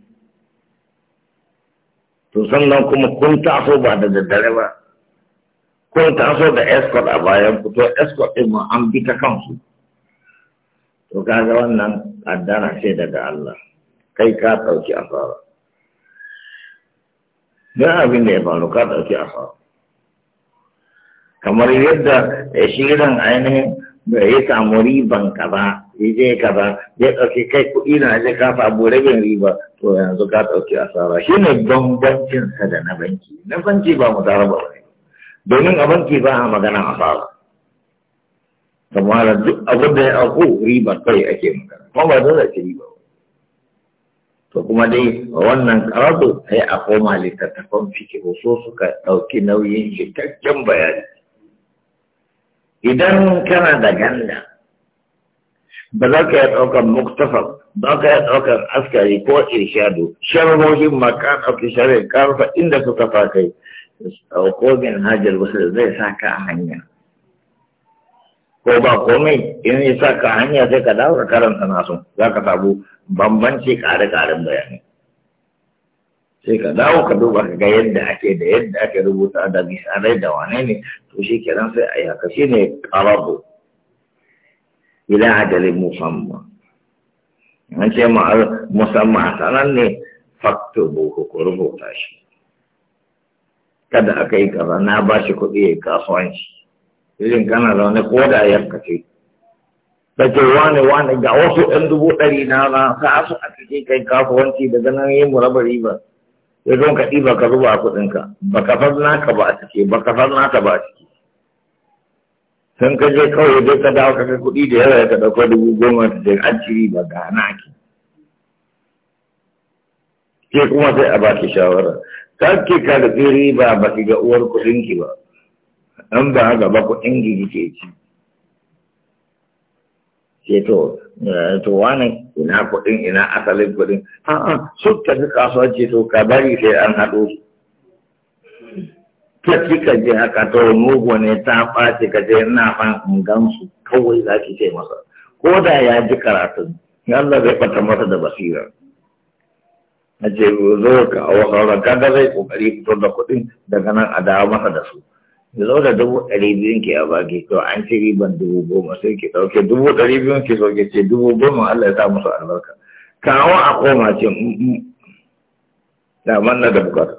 to sannan kuma kun taso ba da daddare ba kun so da escort a bayan fito escort din ma an bi ta kansu to kaga wannan addana ce daga Allah kai ka ɗauki asara da abin da ya faru ka ɗauki asara kamar yadda shirin ainihin da ya samu riban kaza ya je kaza ya ɗauki kai kuɗi na je ka samu rabin riba to yanzu ka ɗauki asara shine bambancinsa da na banki na banki ba mu ba ne domin a banki ba a magana a asara kamar duk abin da ya auku riba kai ake magana kuma ba zai ce riba to kuma dai wannan karatu sai a koma littattafan fiki so suka ɗauki nauyin cikakken bayani idan kana da ganda ba za ka yi ɗaukar muktafar ba ka yi ɗaukar askari ko irshadu sharhohin ma ka ɗauki shari'a ka inda suka fa kai ko kogin hajar wasu zai sa ka hanya ko ba komai in ya saka a hanya sai ka dawo ka karanta nasu za ka samu bambanci ƙare-ƙaren bayani sai ka dawo ka duba ka ga yadda ake da yadda ake rubuta da misalai da wane ne to shi kenan sai a yaka shi ne ƙarabu ila ajalin musamman an ce musamman sanan ne faktubu ko rubuta shi kada aka yi kaza na ba shi kuɗi ya yi kasuwanci irin kana zaune ko da ya kace da ke wane wane ga wasu ɗan dubu ɗari na na sa su a cikin kai kasuwanci daga nan yi mu raba riba ya zo ka ɗiba ka zuba kuɗin kuɗinka ba ka far naka ba a ciki ba ka far naka ba a ciki sun ka je kawai dai ka dawo ka kai kuɗi da yawa ka ɗauko dubu goma ce an ci riba ga naki ke kuma sai a baki shawara da zai riba ba ki ga uwar ki ba an ba haka ba kuɗin ingi kike ci ke to eh, to wani ina kuɗin ina asalin a a'a su tafi ce to ka bari sai an haɗu. ta ci ka je haka to mugu ne ta ɓace ka je ina fan in gansu kawai za ki ce masa ko da ya ji karatun Allah zai ɓata masa da basira. na ce zo ka a wakarwar kaga zai kokari fito da kuɗin daga nan a dawo masa da su ya zo da dubu ɗari biyun ke a baki to an ci riban dubu goma sai ke ɗauke dubu ɗari biyun ke sauke ce dubu goma Allah ya sa musu albarka kawo a koma ce mm, mm. da manna da bukata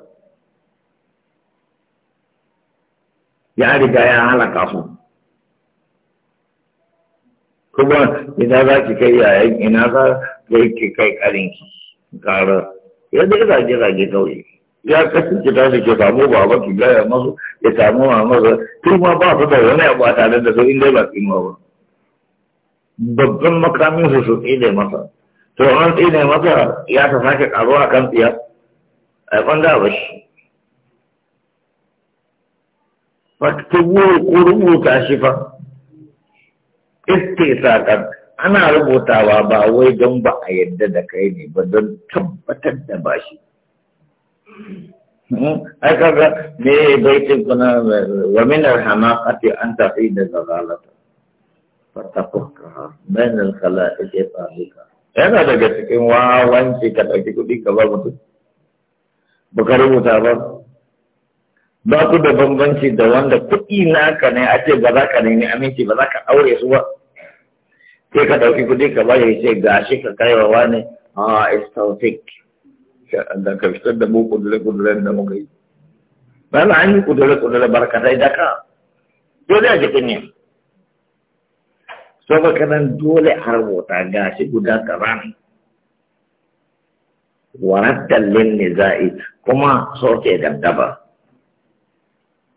ya riga ya halaka su kuma ina za ki kai yayin ina za ki kai karinki Karar. ya dai zage-zage kawai ya kasance ta su ke samu baba ki gaya masu ya samu mamaza tun ma ba su da wani abu a tare da su dai ba su ba babban makamin su su tsine masa to an tsine masa ya ta sake karuwa kan tsiya a yi da ba shi faktubu ko rubuta shi fa istisakan ana rubutawa ba wai don ba a yadda da kai ne ba don tabbatar da ba shi hmm? ai kaga me baitin kuna wa min ce an tafi da zalalata fatafakka bain alkhalaiqi talika yana daga cikin wawanci ka ɗauki kuɗi ka ba mutum ba ka rubuta ba ba ku da bambanci da wanda kuɗi naka ne a ce ba za ka nemi aminci ba za ka aure su ba sai ka ɗauki kuɗi ka bari sai gashi ka kai wa wani ah, a istautik da ka fitar da mu kudure-kuduren da muka yi bayan an yi kudure-kudure barkatai da ka dole a jikin ne so baka nan dole a rubuta gashi guda kaza ne warattan lin niza'i kuma soke dandaba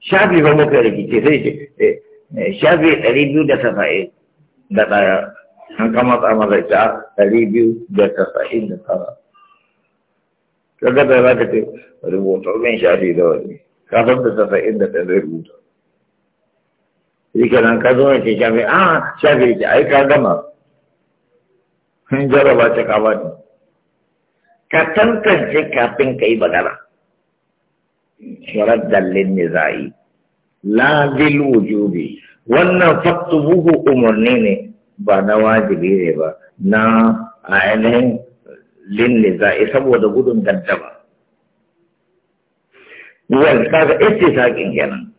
shafi ba muka rikice sai eh, shafi ɗari biyu da safa'in da ɗaya an kamata tsama da ta ɗari biyu da tasa'in da tara kaga da za ka ce rubuta min shafi da wani ka san da tasa'in da ɗari rubuta shi kenan ka zo ne ce shafi a ah, shafi ce ai ka gama sun jaraba ce ka ni. ka tantance kafin ka yi magana shirar dallin ne za a yi la wujubi wannan faktubuhu umarni ne ba na wajibi ne ba na ainihin a za'i eh, saboda gudun daddaba wal kaga ittifaqin kenan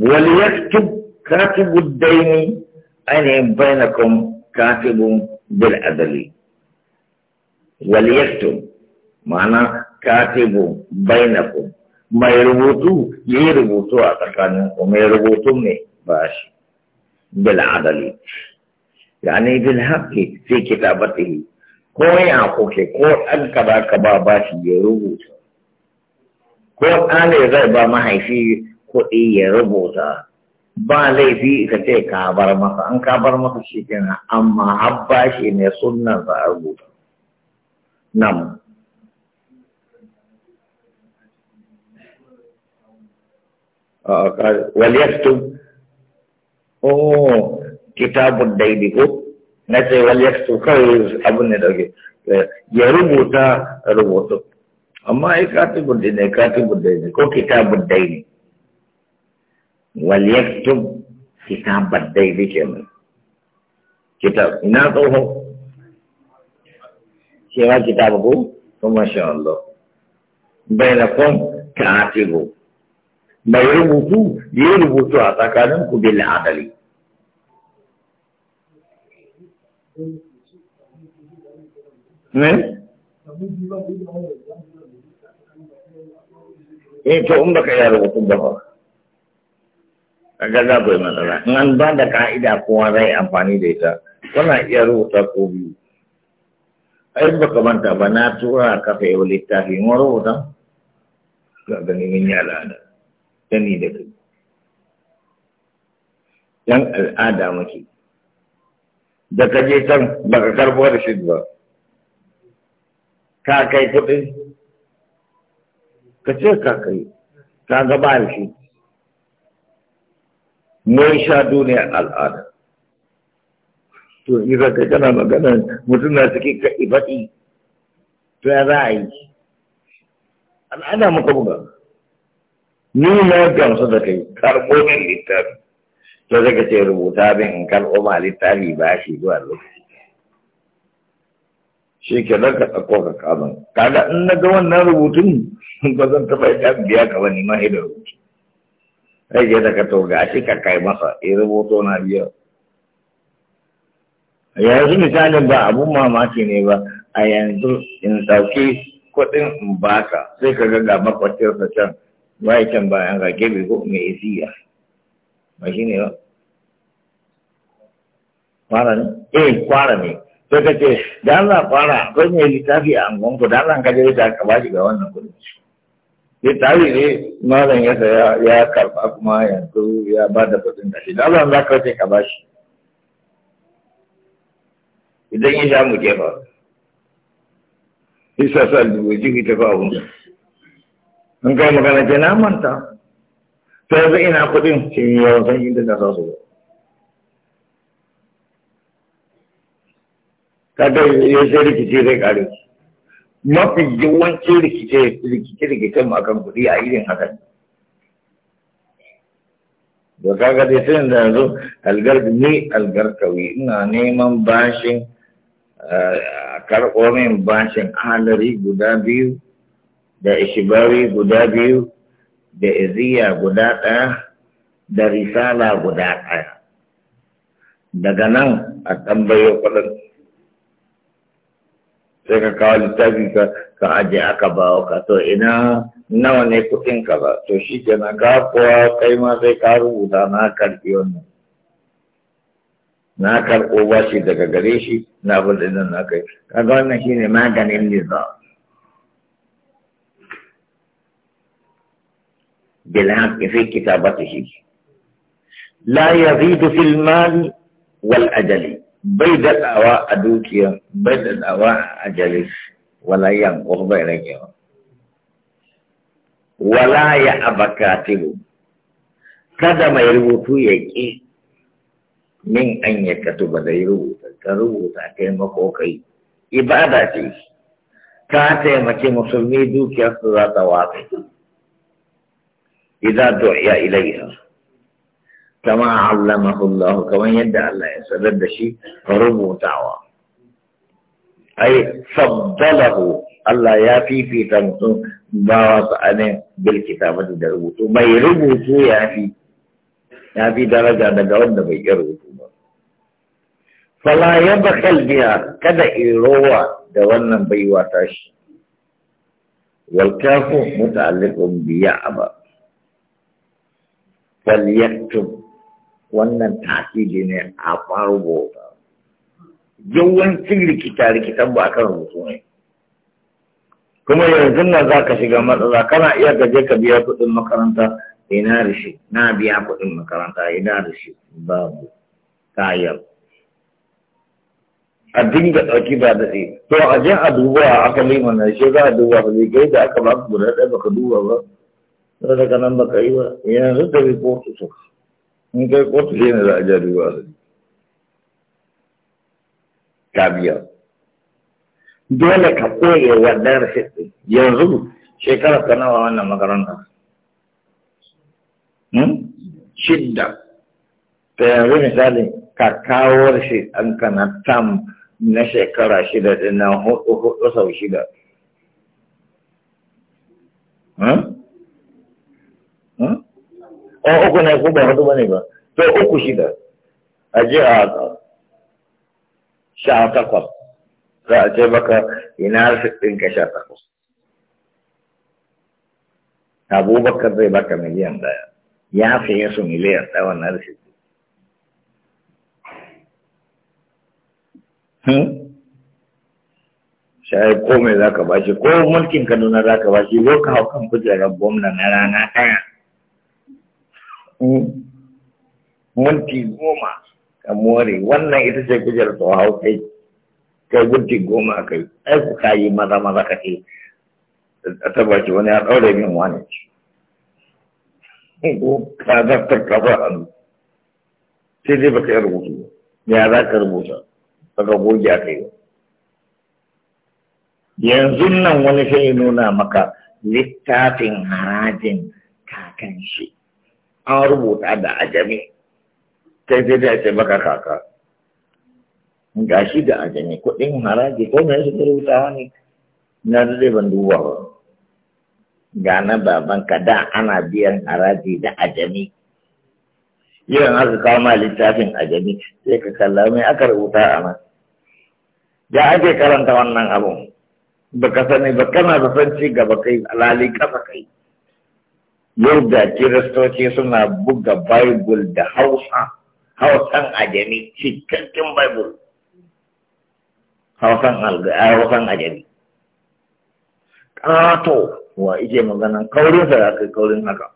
wal yaktub katibud daini ainihin bainakum katibun bil adali wal yaktub ma'ana katibu bainakum mai rubutu yi rubutu a tsakaninku mai rubutu ne ba shi bil adali yani bil haqqi fi kitabatihi ko ya kuke ko ɗan ka ba ka ba ba shi ya rubuta ko ɗane zai ba mahaifi kuɗi ya rubuta ba laifi ka ce ka bar masa an ka bar masa shi kenan amma habba shi ne sunnan sa a rubuta nam wal yaktub oh kitabun daidai na ce wal yaktu kawai abin da dauke ya rubuta rubutu amma ai katibun dai ne katibun dai ne ko kitabun dai ne wal yaktub kitaban dai ke kenan kitab ina tsoho cewa kitabu ko to masha Allah bainakum katibu mai rubutu ya rubutu a tsakaninku bil adali ne? eh to in baka yi rubutun ba a gaza bai matsala in an ba da ka'ida kowa zai amfani da ita kana iya rubuta ko biyu ai baka manta ba na tura ka littafi mun gani min ya al'ada gani da kai yan al'ada muke da ka je can baka karbo da shi ba ka kai kuɗi ka ce ka kai ka ga ba shi mun sha duniyar al'ada to yi ka kana magana mutum na suke ka baɗi. to ya za a yi al'ada muka buga ni na gamsu da kai karbo min littafi sai zaka ce rubuta bin in karɓo ma littafi ba shi zuwa lokaci shi ke nan ka ɗauko ka kama kaga in na ga wannan rubutun [laughs] ba zan taɓa yi biya ka wani ma da rubutu sai ke daga to ga shi ka kai masa ya eh, rubuto na biya yanzu misalin ba abun mamaki ne ba a yanzu in sauke kuɗin in baka sai ka ga ga makwacin sa can bayan can bayan ga gebe ko mai isiya ba shi ne ba fara ne eh kwara ne To ka ce da Allah kwara, akwai mai litafi a angon ku da Allah ka je da ka bashi ga wannan kudi Litafi ne malam ya saya ya karba kuma yanzu ya ba da kudin da shi da Allah za ka ce ka bashi idan ya sha mu jefa isa sa dubu jiki ta ba abun An kai magana ce na manta to ina kuɗin shi yawan san inda na san su kaga ya sai rikice zai ƙare? mafi yawancin rikice rikice rikicen mu akan kuɗi a irin hakan da kaga dai sai da yanzu algarbi ni kawi ina neman bashin eh, karɓo min bashin alari guda biyu da ishibari guda biyu da iziya guda ɗaya da risala guda ɗaya daga nan a tambayo kuɗin sai ka kawo littafi ka ka aje aka bawa ka to ina nawa ne kuɗin ka ba to shi na ka kuwa kai ma sai ka rubuta na karfi wannan na karɓo bashi daga gare shi na bin nan na kai kaga wannan shine maganin nizam بالحق في كتابته لا يزيد في المال والأجل بيد الأواء أدوكيا بيد الأواء أجل ولا ينقص بينك ولا يأبى كاتب kada mai rubutu ya ƙi min an ya ba da ya rubuta ka rubuta taimako kai ibada ce ka taimaki musulmi su za ta watsa إذا دعي إليها كما علمه الله كما يدعى الله يسدد شيء ربو دعوة أي فضله الله يا في في تنسو باوس أنا بالكتابة دربوتو ما يربوتو يا في يا في درجة دقون دبي يربوتو فلا يبخل بها كذا إروا دوانا بيواتاش والكاف متعلق بيعبا falyaktub wannan takidi ne a rubuta yawancin rikita rikitan ba kan rubutu ne kuma yanzu nan za ka shiga matsala kana iya gaje ka biya kuɗin makaranta ina rishi na biya kuɗin makaranta ina rishi babu kayan. a dinga ɗauki ba da to a je a duba a asali mana shi za a duba ba zai da aka ba ku guda ɗaya baka duba ba daga nan baka yi ba yanzu da bi kotu su in kai kotu shi ne za a jari ba su ta biya dole ka koye wa rashin shi yanzu shekara ta nawa wannan makaranta hmm? shidda ta yanzu misali ka kawo rashin ɗan ka tam na shekara shida da na hudu hudu sau shida. Hmm? ko uku na ko ba hudu bane ba to uku shida a je a sha takwas za a ce baka ina ɗin ka sha takwas baka zai baka miliyan ɗaya ya fiye su miliyan ɗaya wannan rashin hmm? shayi ko mai za ka bashi ko mulkin kaduna za ka bashi zo ka kan kujerar gwamna na rana ɗaya minti goma ka more wannan ita ce kujerar ta hau kai kai minti goma kai ai ku kayi maza maza ka ce a tabbaci wani ya ɗaure min wani ci ko ka zartar kafa a sai dai baka yi rubutu ya za ka rubuta baka goge a kai yanzu nan wani sai nuna maka littafin harajin kakan shi an rubuta da ajami kai sai da ce maka kaka ga shi da ajami kuɗin haraji ko mai suka rubuta ne na da ban duba ba ga na baban ka da ana biyan haraji da ajami yin aka kawo ma littafin ajami sai ka kalla mai aka rubuta a nan ya ake karanta wannan abun baka sani ba kana da san ci gaba kai alali kafa kai yadda kiristoci suna buga Bible da Hausa, Hausan ajami, cikakken Bible, Hausan ajami. Ƙato, wa ike maganan kaurin sa aka kaurin haka.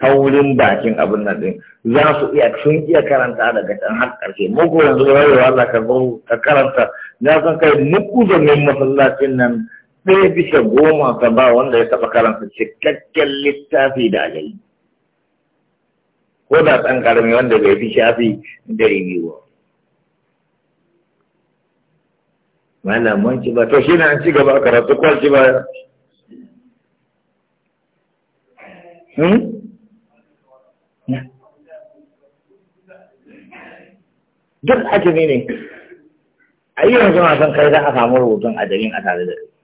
Kaurin bakin abin nan din za su iya sun iya karanta daga can har ƙarshe, muku yanzu rayuwa za ka zo ka karanta, na san kai muku zamin masallacin nan ɗaya bisa goma ka ba wanda ya taɓa karanta cikakken littafi da alayi, ko da ɗan ƙarami wanda bai fi shafi da biyu ba mun ci ba to shi ne an ci gaba a karatu kwal ci ba hmm? duk ajini ne a yi yanzu na kai za a samu rubutun ajalin a tare da kai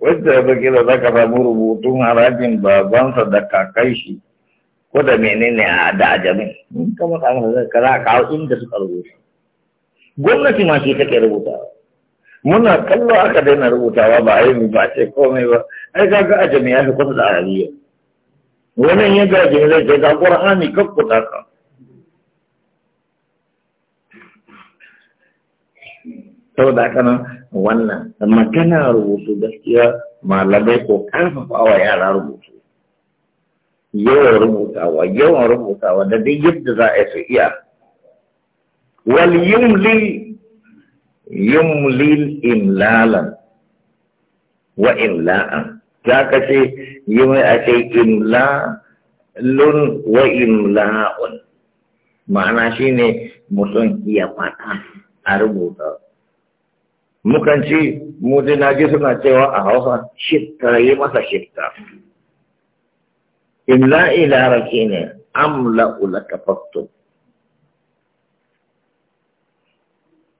wacce ya baki da zaka samu rubutun harajin babansa da kakai shi ko da menene a da ajami in ka matsa masa zai ka za kawo inda suka rubuta gwamnati ma ce take rubutawa muna kallo aka daina rubutawa ba a yi ba ce komai ba ai ga ajami ya fi kwasa da arabiya wannan ya gaje zai ce ga qur'ani kakkuta ka saboda haka nan wannan magana rubutu gaskiya malamai ko karfafa wa yara rubutu yawan rubutawa yawan rubutawa da duk yadda za a su iya wal yumli yumli imlalan wa imla'an ta kace yi mai a ce lun wa imla'un ma'ana shine mutum iya faɗa a rubuta mukan ce mutu na ji suna cewa a hausa shifta yi masa shifta in la'i laraki ne amla ulaka fakto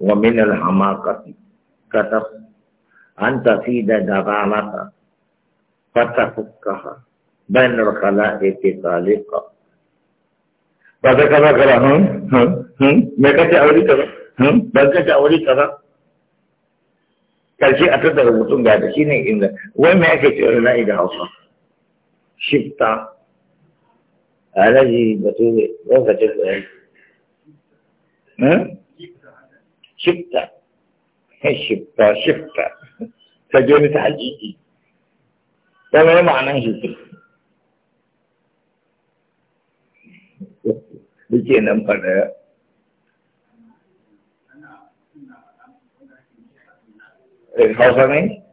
wa min alhamakati kata an tafi da daganata fata fukkaha bayan rukala ake talika ba zai kaza kaza hmm hmm, hmm? me kace aure kaza hmm ba kace aure kaza karshe a tattara mutum ga da shi ne inda wai me ake cewa rana'i da hausa shifta alaji bature lokacin hmm? da shifta shifta shifta ta je ni ta hakiki ta mai ma'anan shi duk nan fa daya Eh, hausa ne?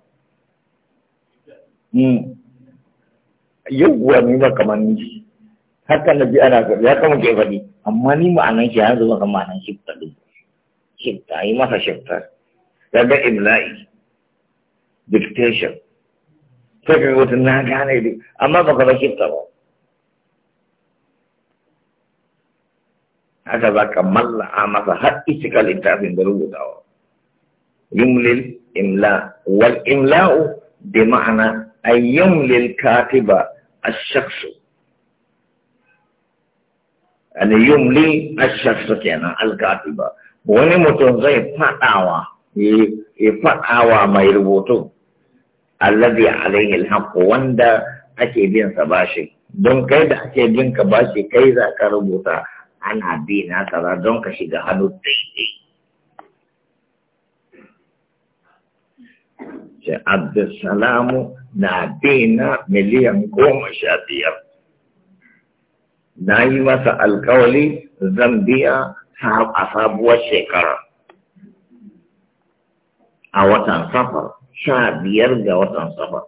Hmm. yawwa ni ba kamar ni haka na ji ana ya kama ke faɗi amma ni ma'anan shi yanzu ba kama nan shi faɗi shifta yi masa shifta daga imla'i dictation sai ka wata na gane dai amma ba kama shifta ba haka za ka malla a masa har iska littafin da rubutawa yumlil الإملاء والإملاء بمعنى أن يملي يعني الكاتب الشخص أن يملي الشخص كان الكاتب وني متون زي فتاوى يفتاوى ما يربوتو الذي عليه الحق وندا أكي بين سباشي دون kai أكي بين كباشي ka bashi أنا بينا ترى دون كشي bi na sai abdulsalamu na dina miliyan goma sha biyar na yi masa alkawali zan biya a sabuwar shekara a watan safar sha biyar ga watan safar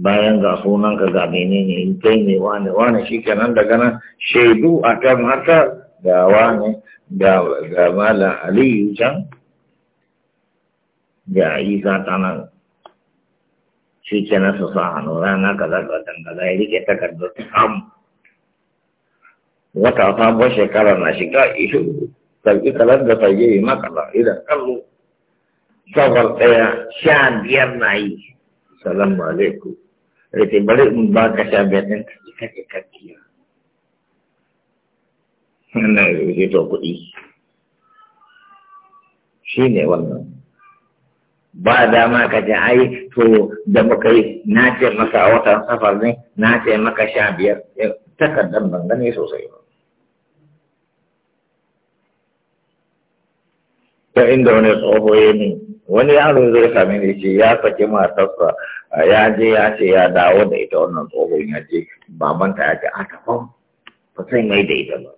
bayan ga sunan ka ga menene in kai ne wane wane shi kenan daga nan shaidu a kan haka ga wane ga malam aliyu can ga isa ta nan shi ke na su sa hannu rana kaza ga watan kaza ya rike takardar sam wata sabon shekara na shiga ishu sarki kalar da sarki yi makala idan kallo sabar ɗaya sha biyar na yi salamu alaikum rike bari in ba ka sha biyar ɗin ka ce kakkiya wannan rike to kuɗi shi ne wannan ba dama ka ji ai to da muka yi na ce maka watan safar ne na ce maka sha biyar eh, takardar ban gane sosai ba ta inda wani tsoho ya ne wani yaro zai sami ne ce ya saki matarsa ya je ya ce ya dawo da ita wannan tsohon ya ce babanta ya ce a tafan ba sai mai da ita ba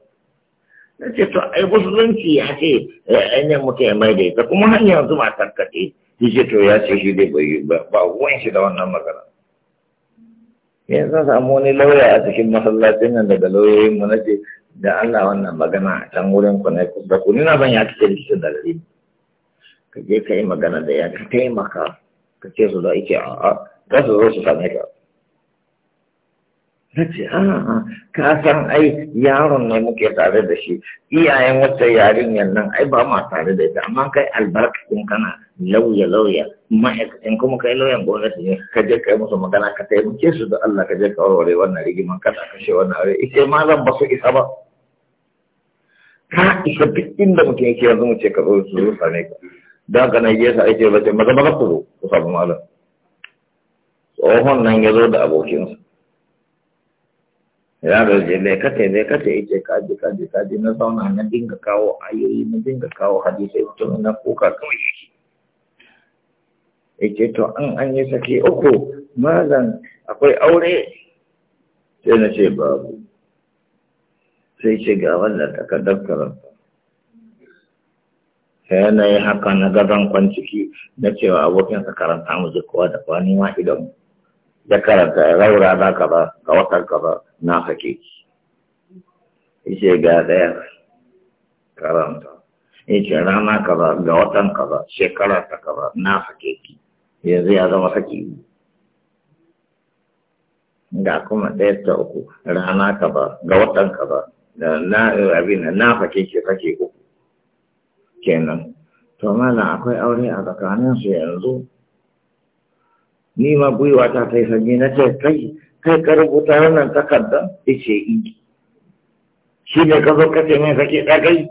na ce to ai musulunci ya ce eh, ainihin mutum ya mai da ita kuma har yanzu matar kaɗe shi ce to ya ce shi dai ba uwan shi da wannan magana yanzu samu wani lauya a cikin masallacin nan daga lauyoyin mu na ce da Allah wannan magana a can wurin ku ne da ku nuna ban ya cikin cikin da dalilin. ka je ka yi magana da ya ka taimaka ka ce su za a ce a'a ka su zo su same ka na ce a'a ka san ai yaron ne muke tare da shi iyayen wata yarinyar nan ai ba ma tare da ita amma kai albarkacin kana lauya lauya ma'aikacin kuma kai lauyan gwamnati ne ka je kai musu magana ka taimake su da Allah ka je ka warware wannan rigiman ka ta kashe wannan aure ita ma zan ba su isa ba ka isa duk inda mutum yake yanzu mu ce ka zo su zo ne ka don ka na yi yasa ake ce maza maza ku ku samu malam tsohon nan ya zo da abokinsa yaro je mai kace mai kace ice kaji kaji kaji na zauna na dinga kawo ayoyi na dinga kawo hadisai mutum na kuka kawai yake yake to an an yi sake uku malam akwai aure sai na ce babu sai ce ga wannan takardar daftara. sai na yi haka na gaban kwanciki na cewa abokinsa karanta mu je kowa da kwani ma idan mu ya karanta raura na kaza ga watan kaza na sake ki yace ga daya karanta yace rana kaza ga watan kaza shekara ta kaza na sake ki yanzu ya zama sake ga kuma daya ta uku rana kaza ga watan kaza na abin na sake ki sake uku kenan to malam akwai aure a tsakaninsu yanzu ni ma gwiwa ta ta yi sanyi na ce kai kai ka rubuta wannan takarda ya ce i shi ne ka zo kace mai sake ɗagai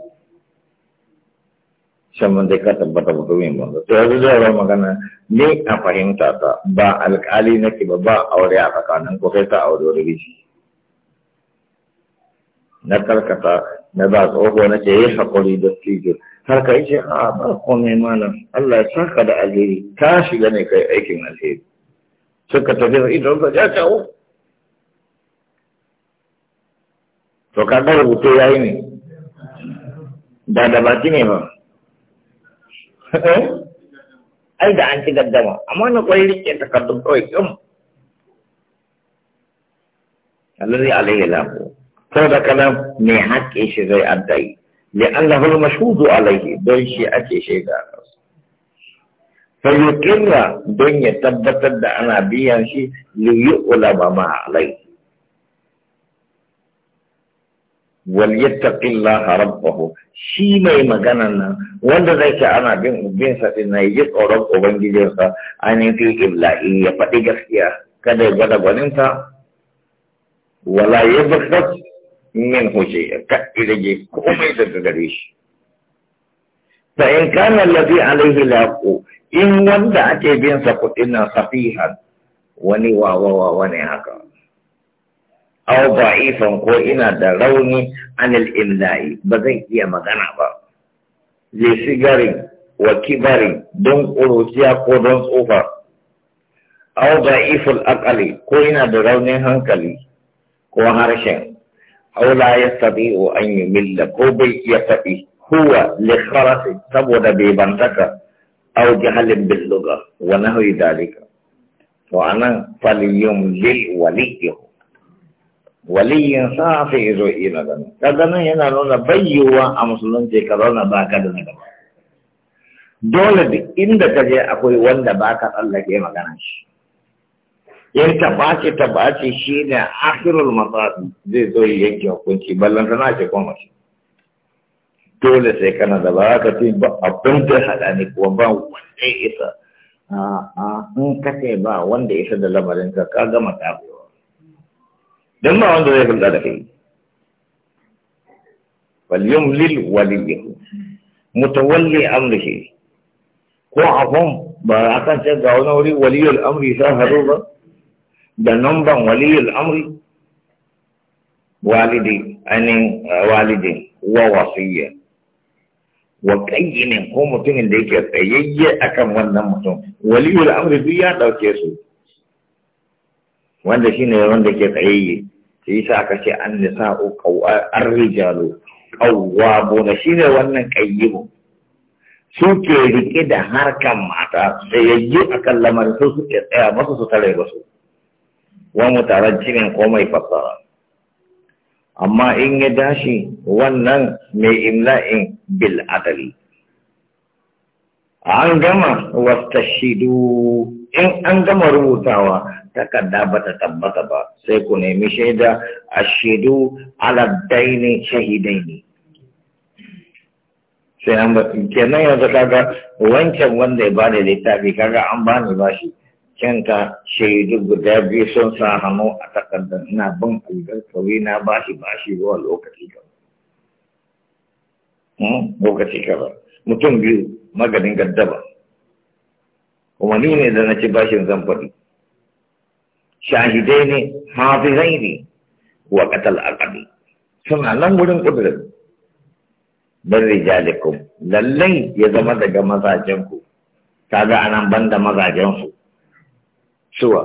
saman dai ka tabbata mutumin ba to yanzu zai ba magana ni a fahimta ta ba alƙali nake ba ba aure a tsakanin ko kai ta aure wani biki na karkata na ba tsoho na ce yi haƙuri da tijo har ka yi ce a ah, ba komai malam Allah ya saka da alheri Ta shiga ne kai aikin alheri suka tafi da idon sa ya kawo to ga rubutu ya yi ne da da baki ne ba eh? ai da an ci gaddama amma na koyi rike takardun kawai kin alladhi alayhi lahu to da kalam ne hakke shi zai addai li annahu mashhudu alayhi don shi ake shaida a kansa fayyukilla don ya tabbatar da ana biyan shi liyu ulama ma alai wal yattaqillaha rabbahu shi mai magana nan wanda zai ce ana bin bin sa din ne ji tsoron ubangijin sa an fi illahi ya faɗi gaskiya kada ya gwada gwaninta wala yabkhas min hujja ka irage komai da gare shi fa in kana alladhi alaihi laqu in wanda ake bin sa kuɗin nan safihan wani wawawa wani haka aw da'ifan ko ina da rauni anil imla'i ba zan iya magana ba zai sigari wa kibari don ƙuruciya ko don tsufa aw da'iful aqali ko ina da raunin hankali ko harshen aw la yastati'u an yumilla ko bai iya faɗi huwa li saboda bai bantaka أو جهل باللغة ونحو ذلك وأنا فليملل وليه waliyin sa sai ya zo ina gano kaga nan yana nuna bayyuwa a musulunci ka zauna ba ka da gaba dole da inda ka je akwai wanda ba ka tsallake magana shi in ta bace shi ne akhirul masafi zai zo yanki hukunci ballan tana ce kuma shi dole sai kana da ba ka fi ba abin da hada ne kuwa ba wanda ya isa in ka ce ba wanda isa da lamarin ka ka gama tabewa don ba wanda zai hulɗa da kai falyum lil waliyin mutawalli amrihi ko abun ba a kan ce ga wani wuri waliyul amri sa haro ba da ban waliyul amri walidi ainihin walidin wa wasiyya wa ko mutumin da yake tsayayye akan wannan mutum waliyul amri duk ya dauke su wanda shine wanda ke tsayayye sai sa aka ce an nisa nisa'u ar-rijalu shi shine wannan qayyimu su ke rike da harkan mata tsayayye akan lamarin su suke tsaya masu su tare ba su wa mutarajjimin ko mai fassara amma in ya dashi wannan mai imla'in bil adali an gama wastashidu in an gama rubutawa takarda ba ta tabbata ba sai ku nemi shaida a ne daini shahidaini sai an ba kenan yanzu kaga wancan wanda ya bada littafi kaga an bani bashi yanka shaidu guda biyu sun sa hannu a takardar ina bin algarkawi na bashi bashi zuwa lokaci gaba hmm? lokaci gaba mutum biyu maganin gaddaba kuma ni ne da na ci bashin zan faɗi shahidai ne hafizai ne wa katal aqabi suna nan wurin kudurin bin rijalikum lallai ya zama daga mazajenku kaga anan banda mazajensu suwa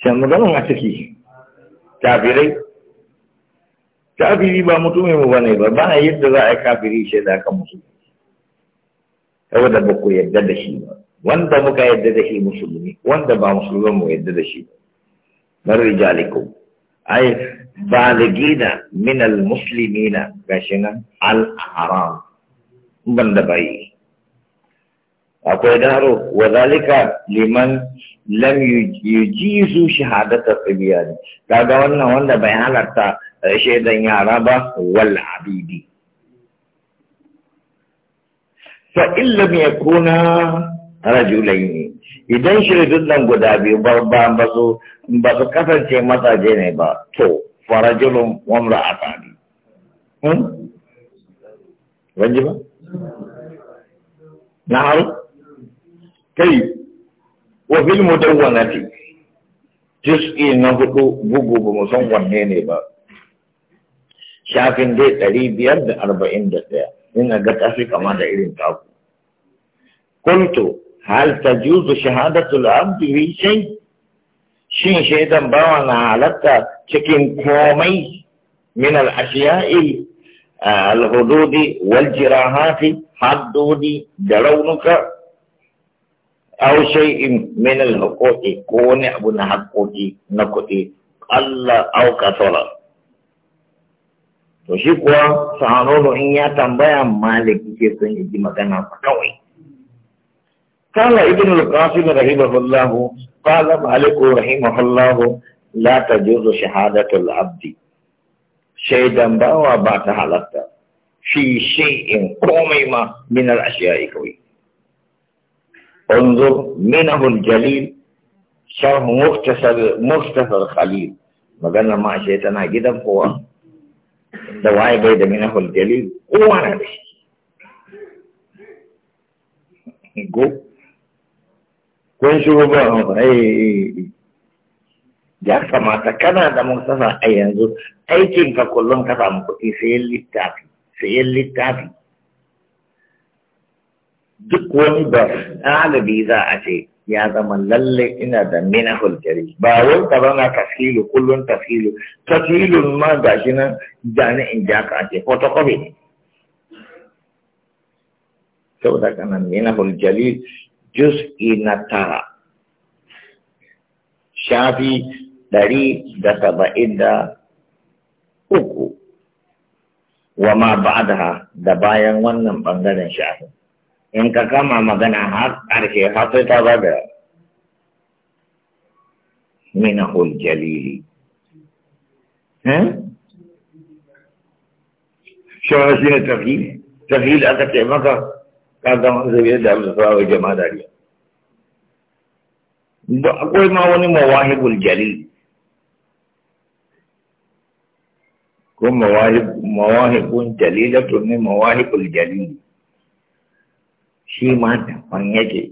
shan maganin a ciki kafirai kafiri ba mutumin mu bane ba ba eh, yadda za a yi kafiri shi da aka musu saboda ba ku yadda da shi ba wanda muka yadda da shi musulmi wanda ba musulmi mu yadda da shi ba mar rijalikum ay baligina min al muslimina gashi nan al haram ban da bai akwai daro wa zalika liman lam yujizu shahadata tsibiyani kaga wannan wanda bai halarta eh, shaidan yara ba wal abidi fa illam yakuna rajulaini idan shaidun nan guda biyu ba ba su ba su kasance mazaje ne ba to farajulun wa imra'atani hmm? Wanji ba? Na'am. kai wa fil mudawwanati juz'i na hudu bugu ba mu san wanne ne ba shafin dai ɗari biyar da arba'in da ɗaya ina ga tafi kama da irin taku kuntu hal tajuzu shahadatul abdi fi shay' shin shaidan bawa na halatta cikin komai min al'ashiyai al'hududi wal jirahati haddudi, da raunuka أو شيء من الحقوق كون أبونا حقوق نقوتي الله أو كثرة وشيكوا سانولو إن يتنبايا مالك يسن يجي مكانا فكوي قال ابن القاسم رحمه الله قال مالك رحمه الله لا تجوز شهادة العبد شهيدا باوا بعد حلقة في شيء قومي ما من الأشياء كوي انظر منه الجليل شرح مختصر مختصر خليل ما قال ما شئت انا جدا هو دواي بيد منه الجليل هو انا جو كون شو بقى اي يا سما كان هذا مختصر اي انظر اي كيف كلهم كتب في سيل للتعبي سيل للتعبي duk wani ba ɗalibi za a ce ya zama lalle ina da mina jari ba wai ka zauna tafsilu kullun tafsilu tafsilun ma shi nan jani in ja ka ce photocopy ne da kana mina jari jus na tara shafi ɗari da saba'in da uku wa ma ba da bayan wannan ɓangaren shafin يمكا كما مغنى حق عرشي حقيقة بدا منه الجليل ها شو عسين التخيل تخيل اكا تعمكا كانت مغزوية دعم صلاة وجمع داريا اقول ما هو مواهب الجليل كم مواهب مواهب جليلة من مواهب الجليل shi ma daban yake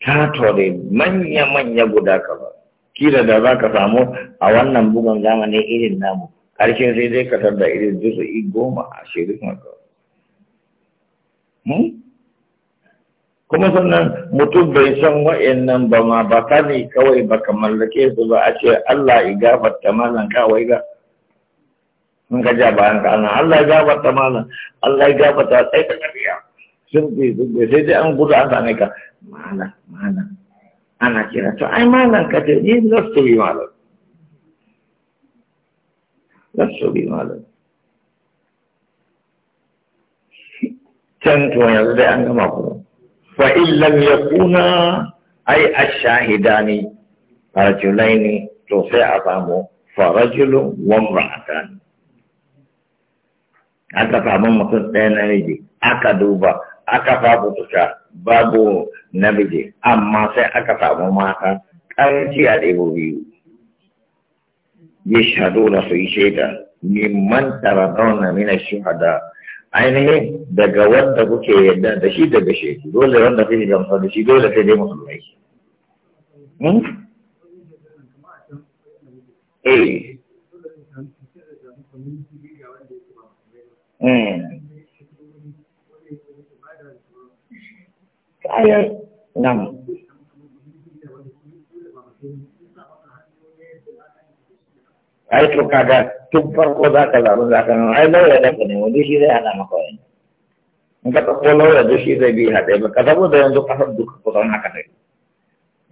ta tore manya-manya guda kaza kila da za ka samu a wannan bugun zamani irin namu ƙarshen sai dai ka tarda irin i goma ashirin haka hmm? kuma sannan mutum bai san wa'annan ba ma ba ka ne kawai ba ka mallake su ba a ce Allah i gafarta malan kawai ga in ka ja bayan ka Allah i gafarta malan Allah i gafarta sai ka kariya sirri sirri sai dai an gudu an same ka malam malam ana kira to ai malam ka ce ni lasto bi malam lasto bi malam can to yanzu dai an gama kuma fa illam yakuna ai ashahidani rajulaini to sai a samu farajulun wa imra'atan aka samu mutum ɗaya na miji aka duba aka babu fita babu namiji amma sai aka samu mata ƙaranci a ɗaya biyu ya shaɗo na su yi shaida mimman taradauna mina shuhada ainihin daga wanda kuke yadda da shi daga shi dole wanda kuke gamsa da shi dole sai dai musulmai hmm? eh Mm. kayan nan ai to kaga tun farko za ka zaɓi za ka nan ai lauya da ne wani shi zai hana maka wani in ka ɗauko lauya da shi zai bi haɗe ba ka da yanzu ka ƙasar duka kusan haka ne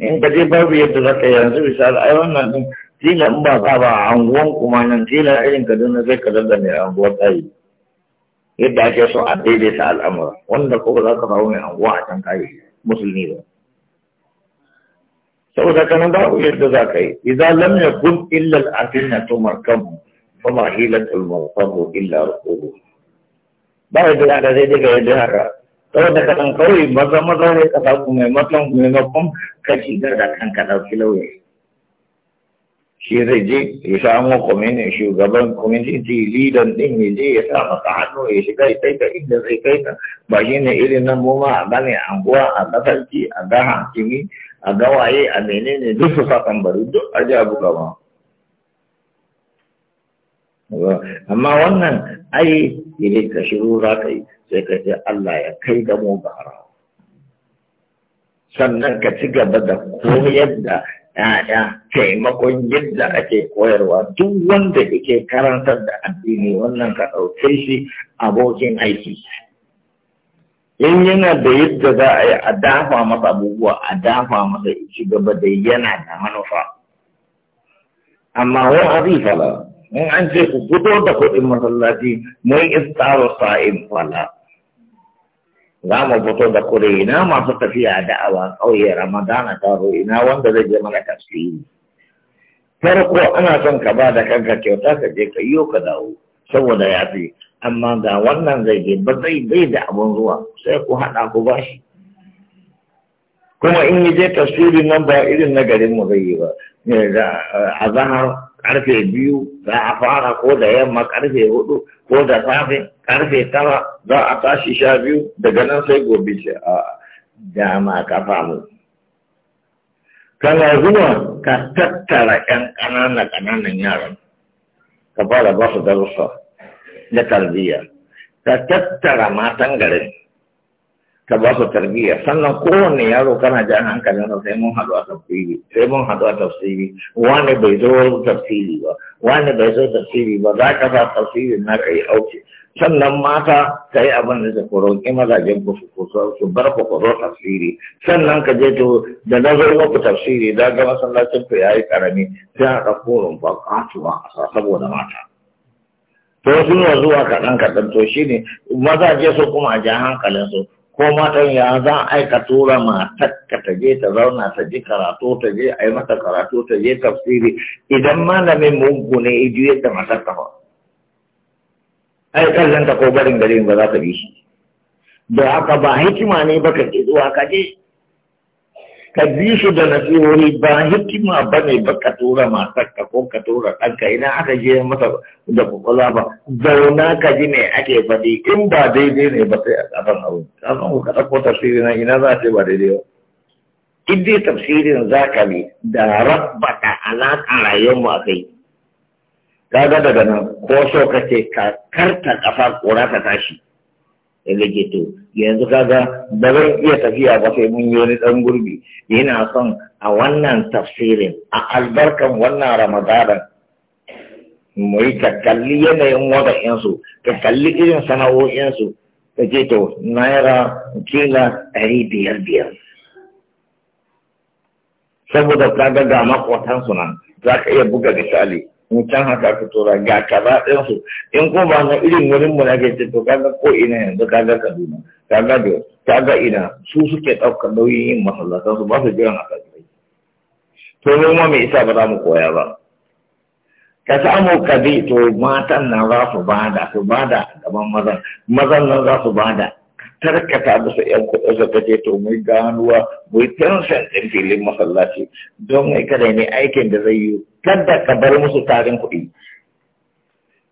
in ka je babu yadda za ka yanzu misali ai wannan ɗin tila in ba ka ba a anguwan kuma nan tila irin kaduna sai ka zaga a anguwar tsayi yadda ake so a daidaita al'amura wanda ko za ka samu mai anguwa a can kayi musulmi ba saboda kanan babu yadda za ka yi idan lam yakun illa al-asinatu ma fama hilatul markabu illa rukubu ba yadda za ka zai daga yadda haka saboda kanan kawai maza maza ne ka samu mai matan mai makon ka shigar da kanka ɗauki lauya shi zai je ya samo kwamini shugaban kwamiti lidan din ya je ya sa maka hannu ya shiga ya kai ka inda zai kai ka ba shi ne irin nan goma a gane anguwa a kasarki a ga hankimi a ga a menene duk su sa tambari duk a ji abu gaba amma wannan ai ne ka shiru za ka yi sai ka ce Allah ya kai da mu sannan ka ci gaba da koyar da ya'ya taimakon yadda ake koyarwa duk wanda yake karantar da addini wannan ka ɗauke shi abokin aiki in yana da yadda za a yi a dafa masa abubuwa a dafa masa ci gaba da yana da manufa amma wani abin fala in an ce ku fito da kuɗin masallaci mun istaro sa'in fala za mu fito da kure ina masu tafiya da da'awa ƙauye ramadana taro ina wanda zai je mana tafsiri farko ana son ka ba da kanka kyauta ka je ka yi ka dawo saboda ya fi amma ga wannan zai je ba zai bai da abun zuwa sai ku haɗa ku ba shi kuma in yi je tafsirin nan ba irin na garin mu zai yi ba eh, a zahar karfe biyu za a fara ko da yamma karfe hudu ko da safe karfe tara za a tashi sha biyu daga nan sai gobe ce a dama ka famu kana zuwa ka tattara yan ƙanana ƙananan yaran ka fara ba su darussa na tarbiyya ka tattara matan garin ka ba su tarbiyya sannan kowane yaro kana an hankalin na sai mun haɗu a tafsiri sai mun haɗu a tafsiri wani bai zo tafsiri ba wani bai zo tafsiri ba za ka sa tafsirin na kai auki sannan mata ka yi abin da ku roƙi mazajen ku su su bar ku ku zo tafsiri sannan ka je to da na zo ku tafsiri da ga masallacin ku yi karami sai a ɗauko rumfa katuwa a saboda mata to sun zuwa kaɗan kaɗan to shine mazaje su kuma a ja hankalin su ko matan ya za a aika tura takka ta je ta zauna ta ji karatu ta je a yi mata karatu ta je tafsiri idan malamin mugu ne ya yadda da matakka ba ai kallon ko barin garin ba za ka bi shi da haka ba hikima ne ba ka ke zuwa ka je ka su da nasihohi ba hikima ba ne ba ka tura matarka ko ka tura ɗanka idan aka je masa da kwakwala ba zauna ka ji ne ake faɗi in ba daidai ne ba sai a tsafan abu kafin ku ka ɗauko tafsiri na ina za a ce ba daidai ba in dai tafsirin za ka bi da rabbata alaƙa mu a kai kaga daga nan ko so ce ka karta ƙafa ƙura ta tashi ya yanzu kaga ba zan iya tafiya ba sai mun yi wani dan gurbi yana son a wannan tafsirin a albarkan wannan ramadanan mu yi ka kalli yanayin wada'insu ka kalli irin sana'o'insu ka ce to naira kila ɗari biyar biyar saboda kaga ga makotansu nan za ka iya buga misali mu can haka ka tura ga kaza ɗin su in ko na irin wurin mu na ke ce to ko ina yanzu kaga Kaduna kaga da ga ina su suke ɗaukar nauyin yin masallatan su ba su jiran haka to mu ma me isa ba za mu koya ba ka samu ka bi to matan nan za su bada su bada gaban mazan mazan nan za su bada karkata musu ‘yan kuɗinsa ta ce to mu ganuwa mu yi tansan ɗin filin masallaci don mai kada ne aikin da zai yi kada ka bar musu tarin kuɗi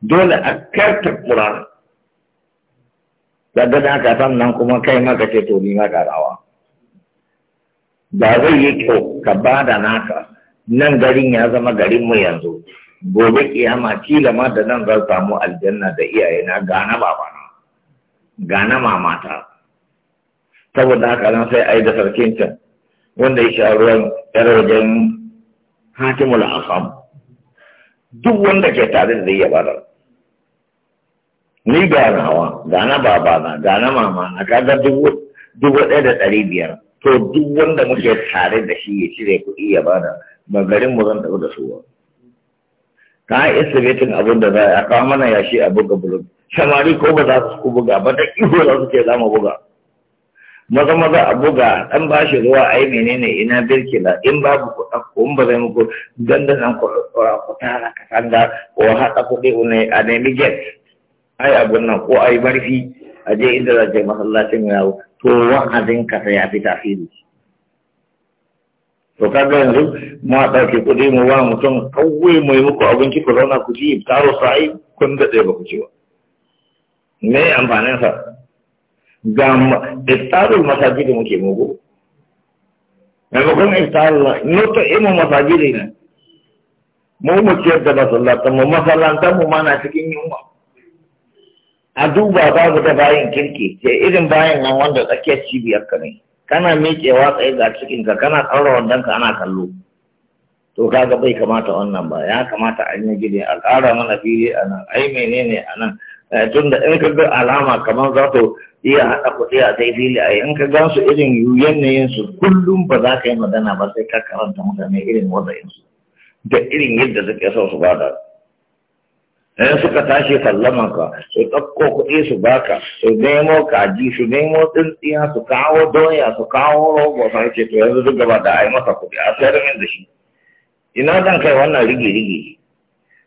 dole a karta ƙuran daga da aka san nan kuma kai maka ce to ni ma karawa ba zai yi kyau ka ba da naka nan garin ya zama garin mu yanzu gobe kiyama kila ma da nan zan samu aljanna da iyayena ga ba baba gana mamata saboda haka nan sai a yi da sarkinta wanda ya sha ruwan ƴar wajen hatimul asam duk wanda ke tare da zai ya barar ni ganawa gana babana gana mamana kaga dubu ɗaya da ɗari biyar to duk wanda muke tare da shi ya cire kuɗi ya bada ba garin mu zan tafi da su ba ka isibitin abin da za a kawo mana yashi a buga bulog shamari ko ba za su buga ba da ido za su ke za mu buga maza maza a buga dan ba shi ruwa ai menene ina birkila in babu ku ɗauko in ba zai muku ganda nan ku ɗora ku tara ka sanda ko haɗa kuɗi ne a nemi get ai abun nan ko ai barfi a je inda za ta yi masallacin yawo to wa'azin ka sai ya fi tasiri to ga yanzu mu a ɗauke kuɗi mu ba mutum kawai mai muku abinci ku zauna ku ji taro sa'i kun daɗe ba ku ci ba me amfanin sa ga iftarul masajid muke mugu maimakon iftarul to imu masajid ne mu mu ciyar da ta mu masallatan mu mana cikin yunwa a duba babu da bayan kirki ce irin bayan nan wanda tsakiyar cibiyar ka ne kana miƙewa tsaye ga cikinka kana tsara wandon ka ana kallo to kaga bai kamata wannan ba ya kamata an yi gini a ƙara mana fili a nan ai menene a nan Eh, tun in ka ga alama kamar za ta iya haɗa kuɗi a sai fili a in ka gansu irin yin su kullum ba za ka yi magana ba sai ka karanta mutane irin wazayin su da irin yadda suke son su bada in suka tashi sallaman ka su ɗauko kuɗi su baka su nemo kaji su nemo tsintsiya su kawo doya su kawo rogo sai ce to yanzu duk gaba da a yi masa kuɗi a sayar min da shi ina zan kai wannan rigi-rigi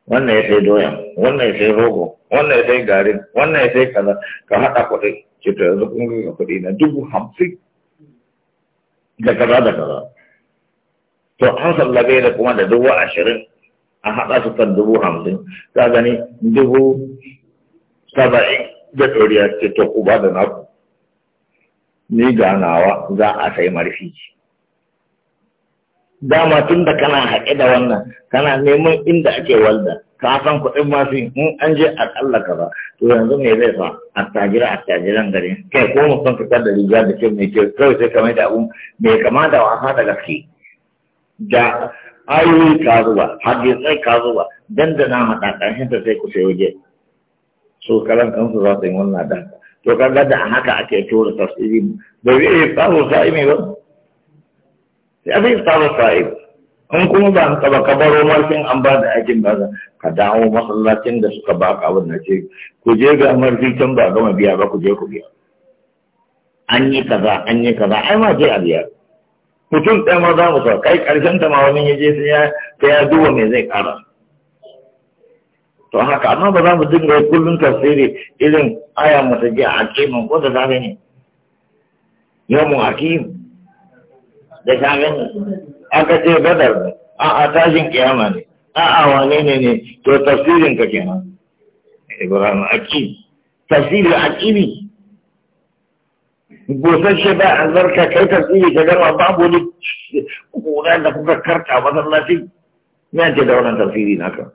wannan ya sai doya, wannan ya sai rogo wannan ya sai garin wannan ya sai kaza ka haɗa kuɗi ce to yanzu kun ga kuɗi na dubu hamsin da kaza da kaza to an sallabe da kuma da dubu ashirin a haɗa su kan dubu hamsin ka gani dubu saba'in da ɗoriya ce to ku ba da naku ni ganawa za a sai marfi dama tun da kana haƙe da wannan kana neman inda ake walda ka san kuɗin masu in an je a ka ba to yanzu me zai sa a tajiran gari kai ko san fitar da riga da kyau mai kyau kawai sai kamar da abu Me kama da wasa da gaske da ayoyi ka zuba hadisai ka zuba na haɗa ƙarshen ta sai ku sai waje so kalan kansu za su yi wannan da to kaga da haka ake tura Ba zai yi samu sa'i mai ba ya fi tsara sa'ib in kuma ba ka ba ka baro marfin an ba da aikin ba ka dawo masallacin da suka ba ka abin da ce ku je ga marfi can ba gama biya ba ku je ku biya an yi kaza an yi kaza ai ma je a biya mutum ɗaya ma za mu sa kai ƙarshen ta ma wani ya je sai ya ya duba me zai ƙara to haka amma ba za mu dinga kullum tafsiri irin aya mu ta je a kiman ko da safe ne yau mu hakim da shafin aka ce badar ne a a tashin kiyama ne a a wane ne ne to tafsirin ka kenan ibrahim akib tafsirin akibi busasshe ba a zarka kai tafsiri ka gama babu wani kura da kuka karta masallaci na ce da wannan tafsiri naka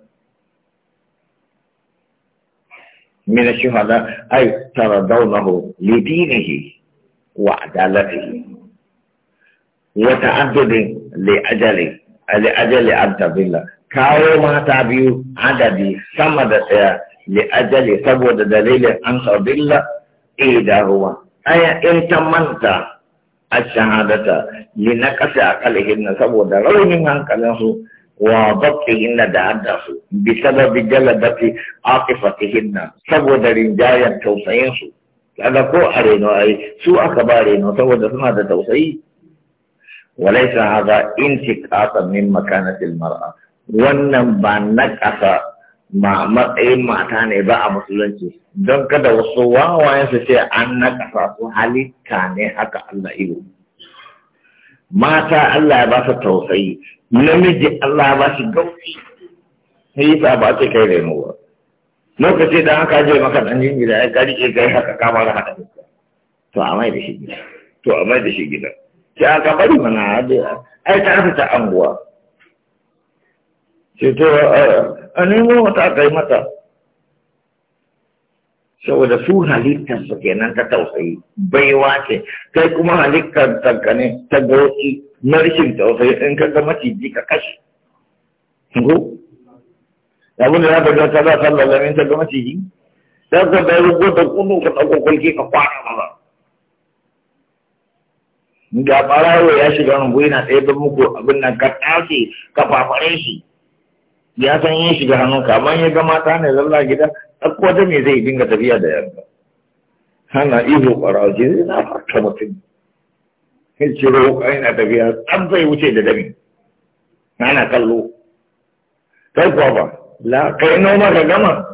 من الشهداء أي تردونه لدينه وعدالته وتعدد a le ajali abdabila kawo mata biyu adadi sama da tsaya li ajali saboda dalilin an da ruwa aya in ta manta a shahadata Ni na kasa a kalihin na saboda raunin hankalin hankalinsu wa bakke na da hadda su bi sababi jalabati aqifatihin na saboda rinjayen tausayinsu kaga ko a reno ai su aka ba reno saboda suna da tausayi walaisa هذا انتقاصا min مكانة المرأة wannan ba na ƙasa ma matsayin mata ne ba a musulunci don kada wasu wawayen su ce an na ƙasa su halitta ne haka Allah iyo mata Allah ya ba su tausayi namiji Allah ya ba su gauki sai ba ba ce kai reno ba lokaci da aka je maka dan jinjira ya gari ke gai haka da haka to a mai da shi gida to a mai da shi gida ya ka bari mana da ai ta fita anguwa ce to a nemo mata kai mata saboda su halittar su kenan ta tausayi baiwa ce kai kuma halittar ta ne ta gauki na rashin tausayi in ka ga maciji ka kashe ko abin da za ka ga ta za ta lalamin ta ga maciji za ka bayar da kudu ka ɗauko kulki ka kwana maza ga ɓarawo ya shiga rumbu yana tsaye don muku abin nan ka tashi ka fafare shi ya san yin shiga hannun ka amma ya ga mata ne zalla gida ɗauko wata me zai dinga tafiya da yanka hana ihu ɓarawo ce zai na fata mutum sai ka yana tafiya ɗan zai wuce da dami ana kallo kai kuwa ba la kai noma ka gama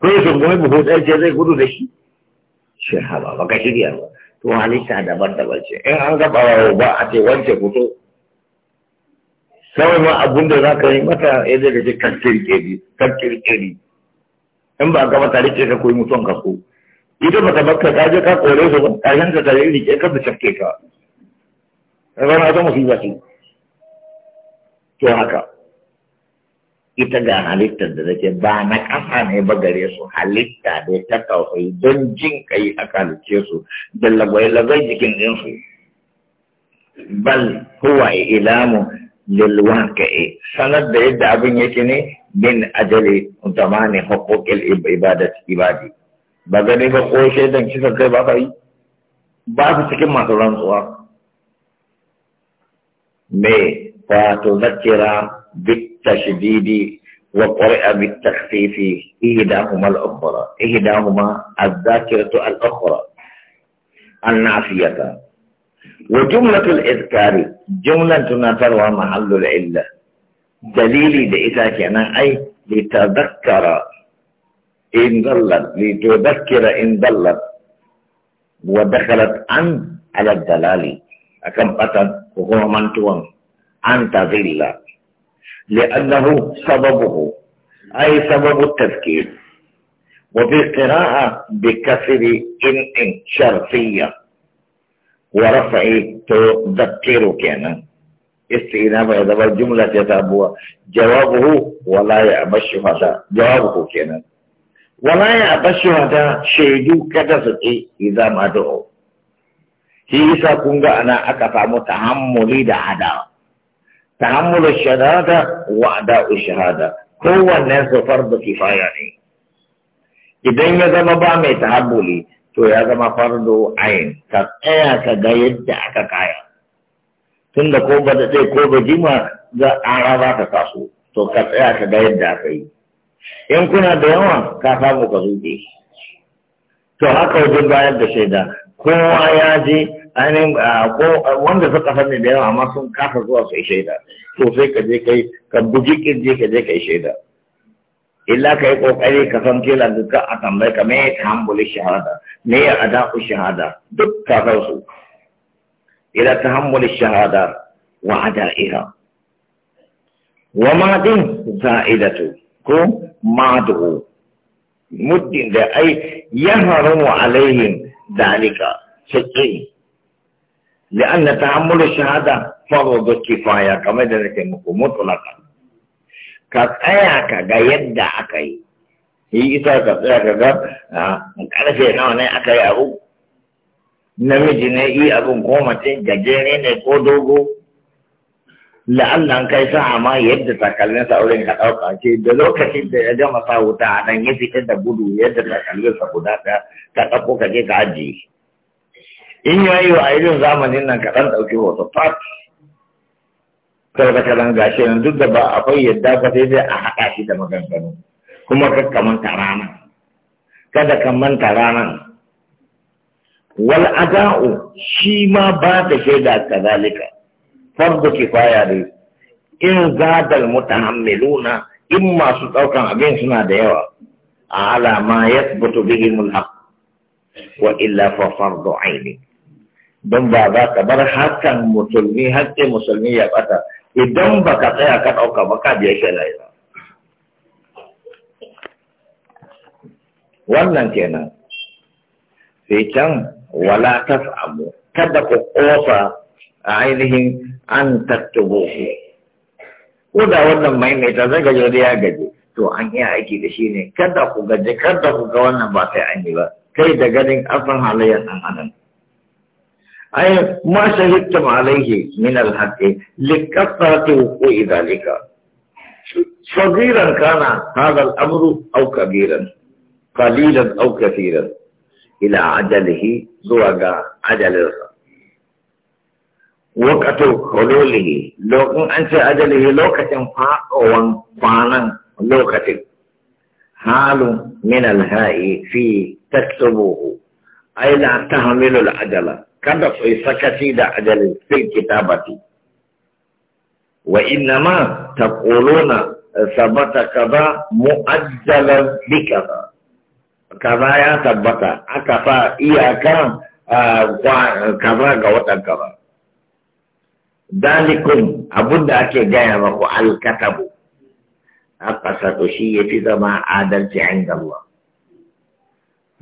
ko ya gumi buhu ɗaya ce zai gudu da shi shi haba ba ka shirya ba to halitta daban-daban ce in an ga bawa ba a ce wance fito sai ma abun da zaka yi mata ya daga ce kakkirkiri kakkirkiri in ba ga mata ce ka koyi mutuwan ka so ita ba ta bakka ka je ka kore su ba ƙarshen da tare rike ka su cafke ka rana ta ba ce to haka ita ga halittar da take ba na ƙasa ne ba gare su halitta ne ta tausayi don jin kai a kalice su da lagwai-lagwai jikin ɗinsu bal huwa ilamu lil ka'e sanar da yadda abin yake ne bin ajali zamani huquqil ibadat ibadi ba gani ba ko shaidan kisa kai ba kai ba su cikin masu rantsuwa me fa to zakira duk بالتشديد وقرئ بالتخفيف إهداهما الأخرى إهداهما الذاكرة الأخرى النافية وجملة الإذكار جملة نتر ومحل العلة دليل إذا كان أي لتذكر إن ضلت لتذكر إن ضلت ودخلت عن على الدلالي أكم قتل وهو من توم أنت ظلت لأنه سببه أي سبب التفكير وفي قراءة بكسر إن إن شرطية ورفع تذكر كان استئناف هذا الجملة تتابع جوابه ولا يأبى الشهداء جوابه كان ولا يأبى الشهداء شهدوا كذا إذا ما دعوا هي إذا كنت أنا أكفى aka samu تعمل الشهادة وأداء الشهادة هو الناس فرض كفاية ne idan ya zama ba mai tahabbuli to ya zama fardo ayin ka tsaya ka ga yadda aka kaya tunda ko ba da ko ba jima za a raba ta kaso to ka tsaya ka ga yadda aka yi in kuna da yawa ka samu ka zuke to haka wajen bayar da shaida kowa ya je ainihin ko wanda suka san sani da yawa amma sun kafa zuwa su shaida to sai ka je kai ka buji kirje ka je kai shaida illa ka yi kokari ka san kila dukkan a tambayi ka mai ta hambuli shahada me ya ku shahada duk ka san su ila hambuli shahada wa ada'iha wa ma din za'idatu ko madu muddin da ai yahrumu alaihim dalika sai لأن تعمل الشهادة فرض كفاية كما ذلك مطلقا كأيك جيد أكي هي إذا كأياك جد في نوع أكي أبو namiji ne i abin ko mace gajere ne ko dogo la'allan kai sa ma yadda takalmin saurin ka ɗauka ce da lokacin da ya gama sa wuta a nan ya fitar da gudu yadda takalmin sa guda ɗaya ka ɗauko ka je ka ajiye in ya yi wa a irin zamanin nan kaɗan ɗauki hoto fat karkatalan gashi nan duk da ba akwai yadda ba sai sai a haɗa shi da maganganu kuma kakka kada ka manta rana Wal'adau shi ma ba ta shaida kazalika fardu kifaya ne in zadal mutahammiluna in masu ɗaukan abin suna da yawa A ala ma yathbutu bihimul haqq wa illa fa fardu aini don ba za ka bar hakan musulmi hakkin musulmi ya bata idan ba ka tsaya ka ɗauka ba ka biya shi laila wannan kenan sai can wala samu kada ku kofa a ainihin an tattubo ku ko da wannan maimaita zai gaji wani ya gaji to an iya aiki da shi ne kada ku gaji kada ku ga wannan ba sai an yi ba kai da ganin asan halayyar ɗan adam أي ما شهدتم عليه من الحق لكثرة وقوع ذلك صغيرا كان هذا الأمر أو كبيرا قليلا أو كثيرا إلى عجله زوجا عجل وقت خلوله لو أنت عدله لوكة فاقوا فانا لوكة حال من الهاء في تكتبوه أي لا تحمل العجلة kada ku sakaci da ajalin fil kitabati wa innama taquluna eh, sabata kaza mu'ajjalan bi kaza kaza ya tabbata aka fa iyaka eh, kaza ga watan kaza dalikum abunda ake gaya maku alkatabu aqsatu shi ya yafi zama adalci inda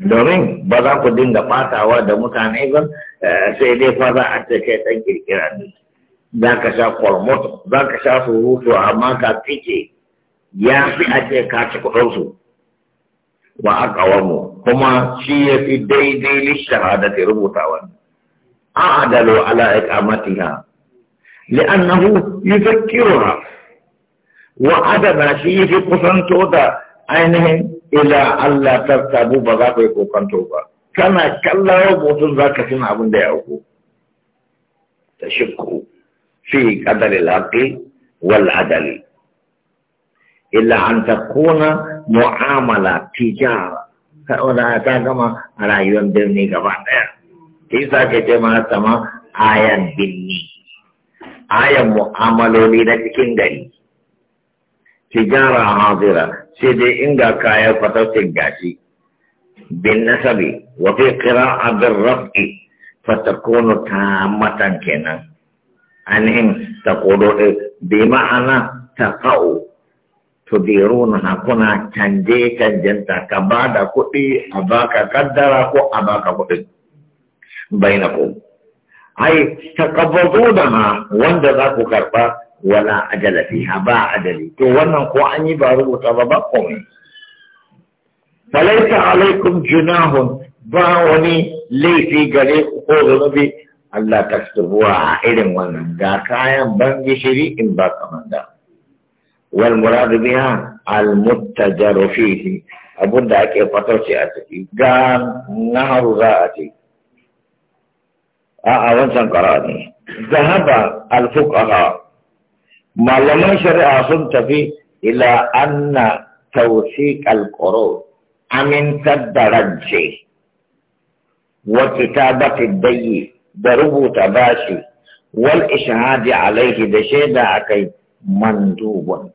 domin ba za ku dinga fatawa da mutane ba sai dai fa za a ce kai ɗan kirkira ne za ka sha kwarmoto za ka sha surutu amma ka fice ya fi a ce ka ci kuɗinsu wa aka mu kuma shi ya fi daidai lishara da ke rubutawa a adalo ala iqamatiha li'annahu yuzakkiruha wa adana shi ya fi kusanto da ainihin ila Allah tartabu ba za ku yi kokanto ba kana kallon rubutun za ka tuna abin da ya auku ta shakku fi qadari al wal adali illa an takuna mu'amala tijara wanda ta gama a rayuwar birni gaba ɗaya yi ke ce ma sama ayan birni ayan mu'amaloli na cikin gari tijara hazira sai dai inga kaya fatasin gashi بالنسب وفي قراءة بالرفع فتكون تامة كنا أنهم تقولوا بمعنى تقعوا tudiruna kuna canje canjanta ka ba da kuɗi a baka kaddara ko a baka kuɗi bai na ku ai takabbazo da ma wanda za ku karɓa wala ajala fiha ba adali to wannan ko an yi ba rubuta ba ba komai falaita alaikum junahun ba wani laifi gare ku ko zunubi Allah ta a irin wannan ga kayan ban gishiri in ba kamar da wal muradu biha al muttajaru fihi abunda ake fatauci a ciki ga naharu za a ce a wancan karani zahaba al fuqaha malaman shari'a sun tafi ila anna tawsiq al qurud amintar da rajje wa kitabati dayyi da rubuta bashi wal ishhadi alaihi da shaida akai mandubun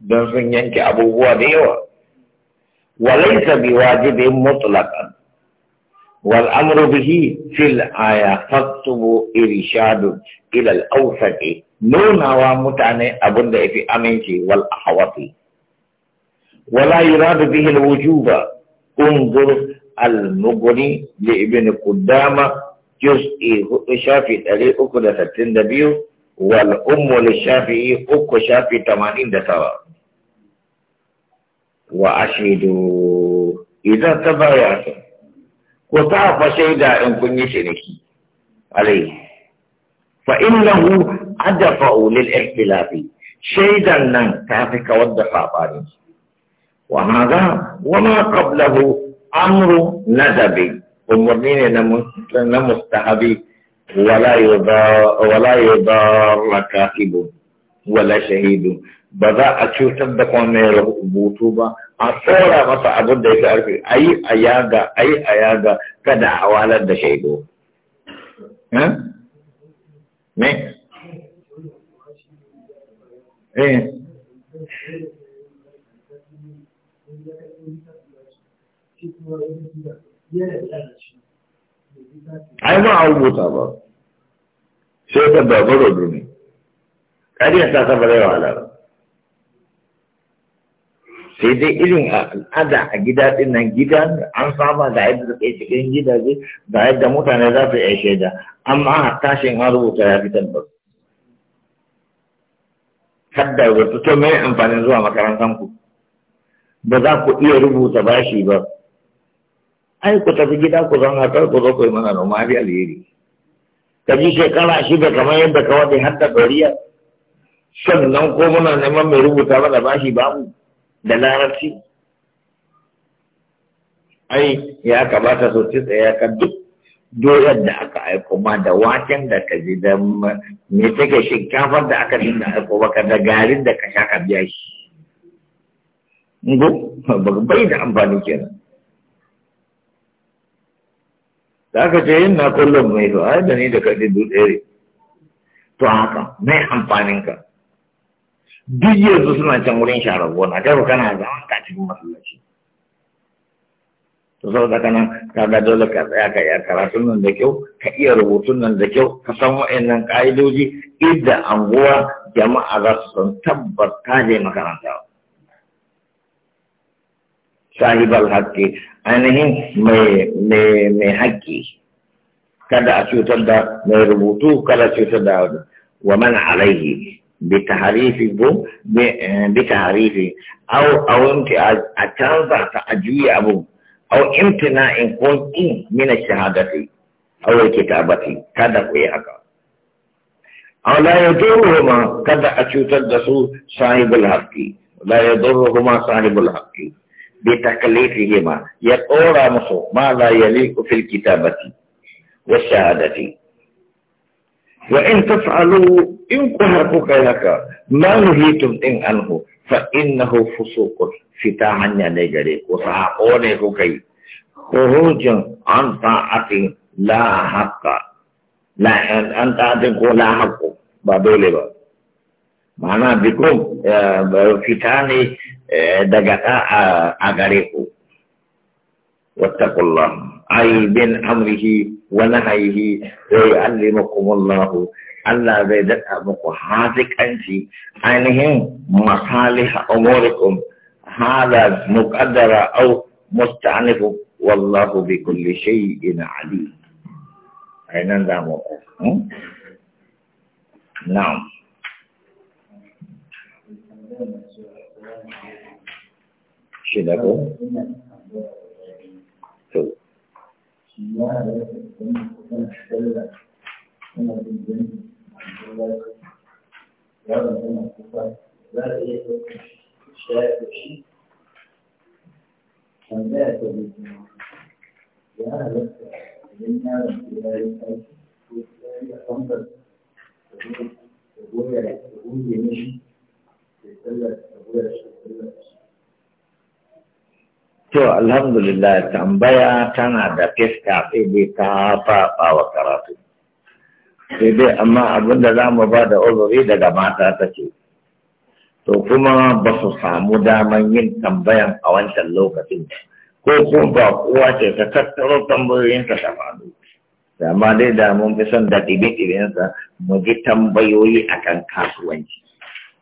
don sun yanke abubuwa da yawa walaysa biwajibin mutlaqan wal amru bihi fil aya faktubu irshadu ila al awsaqi nunawa mutane abinda yafi aminci wal ahwati ولا يراد به الوجوب انظر المغني لابن قدامة جزء شافي ألي أكل ستين دبيو والأم للشافعي أكل شافي تمانين دسوا وأشهد إذا تبايعت وتعرف شيدا إن كن يشركي عليه فإنه أدفع للاختلاف شيدا نن تعرفك ودفع بارنسي وهذا وما قبله أمر ندبي أمرني نمستحبي ولا يضار ولا يضار كاتب ولا شهيد بذا أشوف تبقون ربوتو با أصورا مسا أبدا يعرف أي أياغا أي أياغا كدا حوالا دا شهيدو ها مين ايه ai ba a rubuta ba sai ka da baro duni kariya ta saba da yawa alara sai dai irin al'ada a gida din nan gida an saba da yadda da kai cikin gidaje da yadda mutane za su yi shaida amma tashin an rubuta ya fi ba. kadda wasu to me amfanin zuwa makarantar ku ba za ku iya rubuta bashi ba ai ku tafi gida ku zauna kar ku zo ku yi mana noma bi alheri ka ji shekara shida kamar yadda ka waɗe har dariya. Shan sannan ko muna neman mai rubuta mana bashi ba mu, da larabci ai ya kamata so ci tsaye ka duk doyar da aka aiko ma da waken da ka ji da me take shinkafar da aka dinga aiko ka da garin da ka sha ka biya shi ngo bai da amfani kenan da aka ce yin na kullum mai to ai da ni da kaɗi dutse to haka mai amfanin ka duk yanzu suna can wurin share gona kai ba kana zaman ka cikin masallaci to saboda ka ga dole ka tsaya ka iya karatun nan da kyau ka iya rubutun nan da kyau ka san wa'annan ka'idoji inda anguwa jama'a za su san tabbas ka je makaranta طالب الحق انہی میں میں میں حق کدا اسو تدا میں ربوتو کلا اسو تدا ومن عليه بتعريف بو بتعريف او او انت اتنظر تعجوي ابو او امتنا ان كنت من الشهادتي او الكتابتي كذا في حقا او لا يضرهما كذا اتيوتا دسو صاحب الحق لا يضرهما صاحب الحق bitaklifihima ya qora musu ma la yaliku fil kitabati wa shahadati wa in taf'alu in kunu kayaka ma nuhitum in anhu fa innahu fusuqun fitahanya ne gari ko sa one ko kai khurujun an ta'ati la haqqa ko la haqqu ba dole ba معنا بكم في تاني دقاء أغريق واتقوا الله أي من أمره ونهيه ويعلمكم الله ألا بيدت أبوك حاسك أنت أنهم مصالح أموركم هذا مقدر أو مستعنف والله بكل شيء عليم أين نعم shida ko? to Thank you. To, alhamdulillah tambaya tana da fiska sai dai ta faɓa wa karatu. Sai dai amma da za mu ba da uzuri daga mata ta ce, to kuma ba su samu daman yin tambayan a wancan lokacin ko kuma ba kowa ce ta tattaro tambayoyinsa ta faɗo. Amma dai da mun fi son da ɗibe-ɗibensa mu ji tambayoyi akan kasuwanci.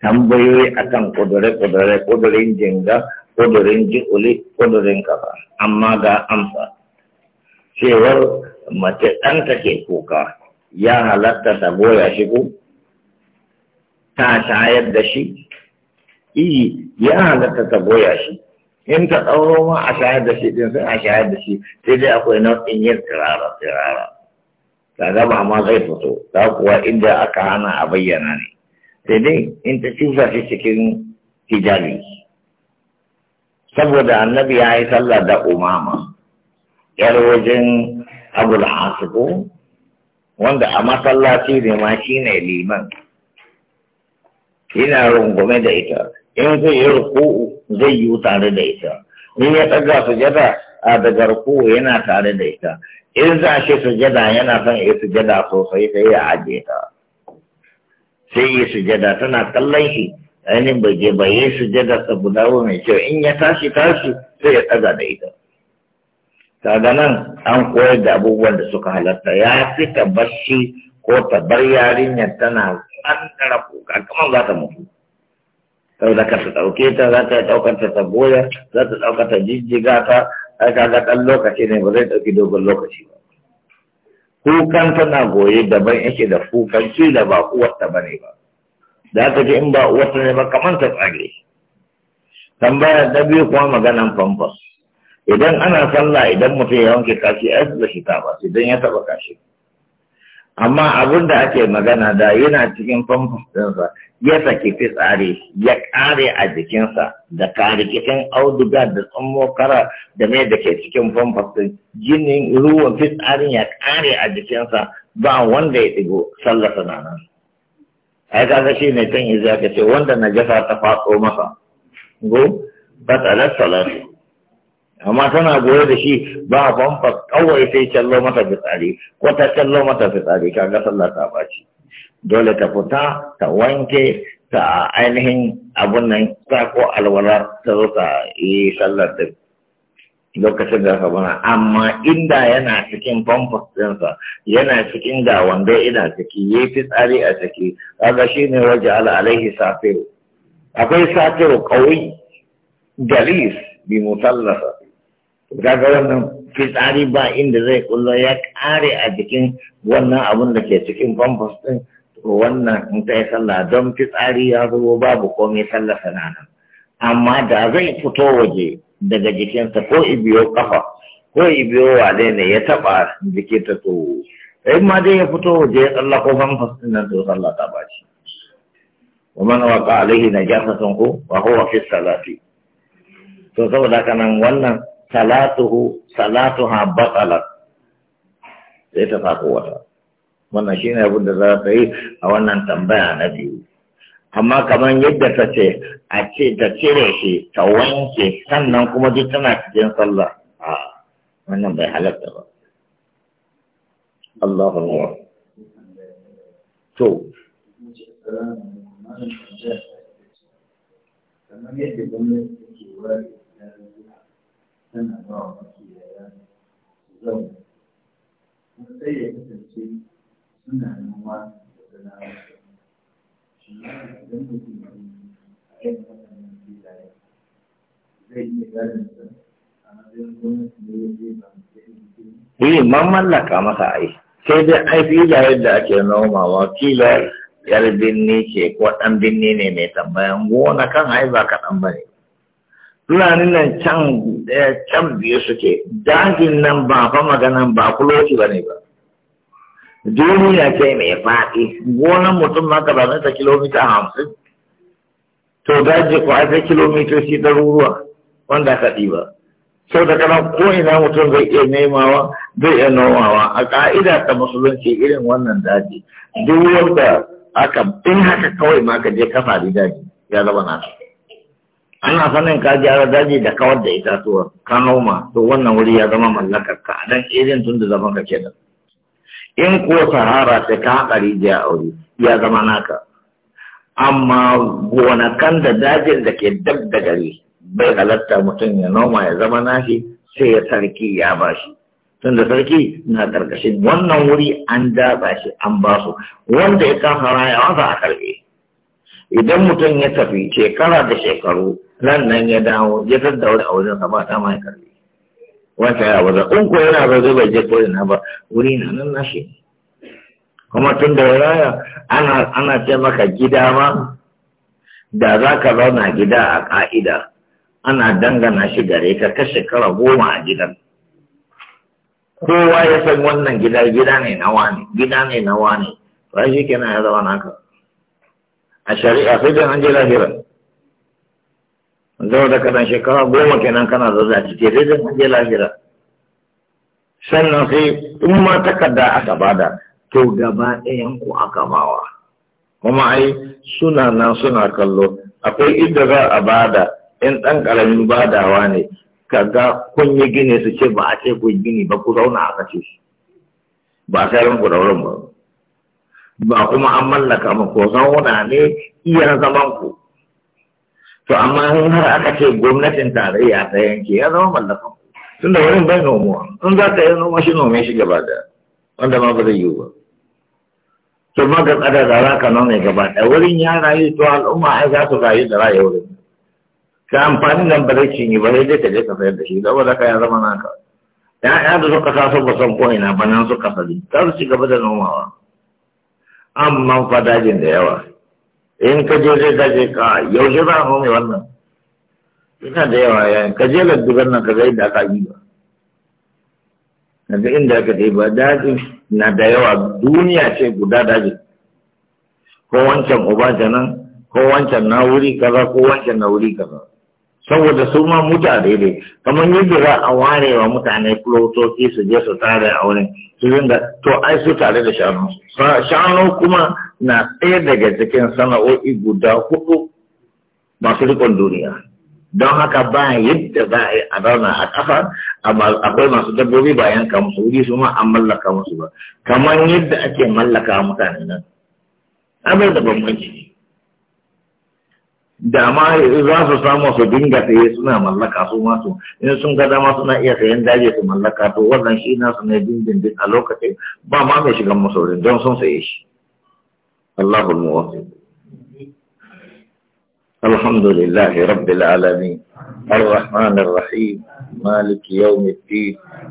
tambayoyi akan kudure-kudure kudurin jinga kudurin ji'uli kudurin kafa amma ga amsa cewar mace ɗanta ke kuka ya halatta ta goya shi ku ta shayar da shi iyi ya halatta ta goya shi in ta ɗauro ma a shayar da shi ɗin sai a shayar da shi sai dai akwai nau'in yin tirara tirara Ta gama ma zai fito ta kuwa inda aka hana a bayyana ne Jadi dai in ta cusa cikin hijabi saboda annabi ya yi sallah da umama yar wajen abul asiku wanda a masallaci ne ma shi ne liman Ina rungume da ita in zai yi ruku, zai yi tare da ita in ya ɗaga sujada a daga ruku'u yana tare da ita in za shi sujada yana son yi sujada sosai sai ya ajiye ta sai yi sujada tana kallon shi ainihin bai je bai yi sujada sa guda mai kyau in ya tashi tashi sai ya tsaga da ita kaga nan an koyar da abubuwan da suka halatta ya fi ta bashi ko ta bar yarinyar tana tsantsara kuka kamar za ta mutu saboda ka ta ɗauke ta za ta ɗaukar ta ta goya za ta ɗaukar ta jijjiga ta ai ɗan lokaci ne ba zai ɗauki dogon lokaci ba kukan tana goye daban yake da kukan ki da ba uwarta ba ne ba da aka ce in ba uwarta ne ba kamar ta tsage tambaya ta biyu kuma maganan famfas idan ana sallah idan mutum ya wanke kashi ai da shi ta ba idan ya taba kashi amma abin da ake magana da yana cikin famfas ɗinsa ya saki fitsari ya kare a jikinsa da karikitin auduga da tsammo kara da mai da ke cikin famfasin jinin ruwan fitsarin ya kare a jikinsa ba wanda ya digo na sanana ai kaga shi ne can izi ka ce wanda na jasa ta faso masa go tsalar tsalar amma tana goye da shi ba famfas kawai sai callo mata fitsari ko ta callo mata fitsari kaga sallar ta baci dole ta fita ta wanke ta ainihin abun nan ta ko alwala ta zo ta yi sallar da lokacin da ka amma inda yana cikin famfas ɗinsa yana cikin ga wanda ina ciki ya fitsari a ciki kaga shi ne waje ala alaihi safiru akwai safiru kawai galis bi musallasa kaga wannan fitsari ba inda zai kullo ya kare a jikin wannan abun da ke cikin famfas ɗin wannan in ta yi sallah don fitsari ya zo babu komai sallah sana'a, amma da zai fito waje daga jikinsa ko ibiyo kafa ko ibiyo wale ne ya taba jikinta to sai ma dai ya fito waje ya tsalla ko famfas din nan to sallah ta baci wa man waqa alaihi najasatun ko wa huwa fi salati to saboda haka nan wannan salatuhu salatuha batalat sai ta fako wata wannan shi ne abin da za ta yi a wannan tambaya na biyu amma kamar yadda ta ce a ce ta cire shi ta wanke sannan kuma duk tana cikin sallah a wannan bai halatta ba Allahu Akbar to kamar yadda yi a yi man mallaka masa ai sai dai ai da da ake nomawa kila yar binni ke ko ɗan binni ne mai tambayan gona kan ai ba ka ɗan bane Tulanin nan can eh, can biyu suke dajin nan ba fa maganan ba kuloci ba ne ba. duniya ce mai faɗi gonan mutum na ka zane ta kilomita hamsin to daji ko a shi kilomitoci ɗaruruwa wanda ka ɗiba sau da kana ko ina mutum zai iya nemawa zai iya nomawa a ƙa'ida ta musulunci irin wannan daji duk wanda aka in haka kawai ma ka je kafa daji ya zama nasu ana sanin ka gyara daji da kawar da itatuwa ka noma to wannan wuri ya zama mallakar ka dan irin tun da zaman ka kenan in ko sahara ta ka hakari rijiya aure ya zama naka amma gonakan da dajin da ke dab da gari bai halatta mutum ya noma ya zama nashi sai ya sarki ya bashi tunda sarki na karkashin wannan wuri an datsa shi an ba su wanda ya kasa ya za a karbe idan mutum ya tafi shekara da shekaru nan nan ya dawo ya tattaura a wajen sama ta ma ya karbe wata ya waza in ko yana ba zai bai je ko ina ba wuri na nan na shi. kuma tun da raya ana ana ce maka gida ma da za ka zauna gida a ka'ida ana dangana shi gare ka ka shekara goma a gidan kowa ya san wannan gida gida ne na wani gida ne na wani ba shi kenan ya zama naka a shari'a sai jan an je lahira zama da kaɗan shekara goma kenan kana zaune a cike sai zan je lahira sannan sai in ma takarda aka bada to gaba ɗayan ku aka bawa kuma ai suna nan suna kallo akwai inda za a da. in ɗan ƙaramin badawa ne kaga kun yi gini su ce ba a ce ku gini ba ku zauna a kace ba a sai ku dauran ba ba kuma an mallaka ma ko zauna ne iya zaman ku to amma in har aka ce gwamnatin tarayya ta yanke ya zama mallakan tun da wurin bai nomuwa in za ka yi noma shi nome shi gaba da wanda ma ba zai yiwu ba to ma ga tsada da za ka nome gaba da wurin ya rayu to al'umma ai za su rayu da rayu wurin ka amfani nan ba zai cinye ba sai dai ka je ka sayar da shi saboda ka ya zama naka ya'ya da suka su ba san ko ina ba nan suka sali za su ci gaba da nomawa amma fadajin da yawa in ka je zai kaje ka yaushe za a mai wannan ina da yawa ya ka je laddugan nan ka zai da aka yi ba daga inda aka yi ba daji na da yawa duniya ce guda daji ko wancan uba nan ko wancan na wuri kaza ko wancan na wuri kaza saboda su ma mutane ne kamar yadda za a ware wa mutane fulotoci su je su tare a wurin su da to ai su tare da shanu shanu kuma na ɗaya daga cikin sana'o'i guda hudu masu rikon duniya don haka ba yadda za a yi a zauna a ƙasa akwai masu dabbobi ba yanka musu wuri su ma an mallaka musu ba kamar yadda ake mallaka mutane nan abin da bambanci ne da ma za su samu su dinga saye suna mallaka su masu in sun ga dama suna iya sayan daji su mallaka to wannan shi na su ne dindindin a lokacin ba ma mai shigan masaurin don sun saye shi Allahu muwaffiq alhamdulillahi rabbil alamin الرحمن الرحيم مالك يوم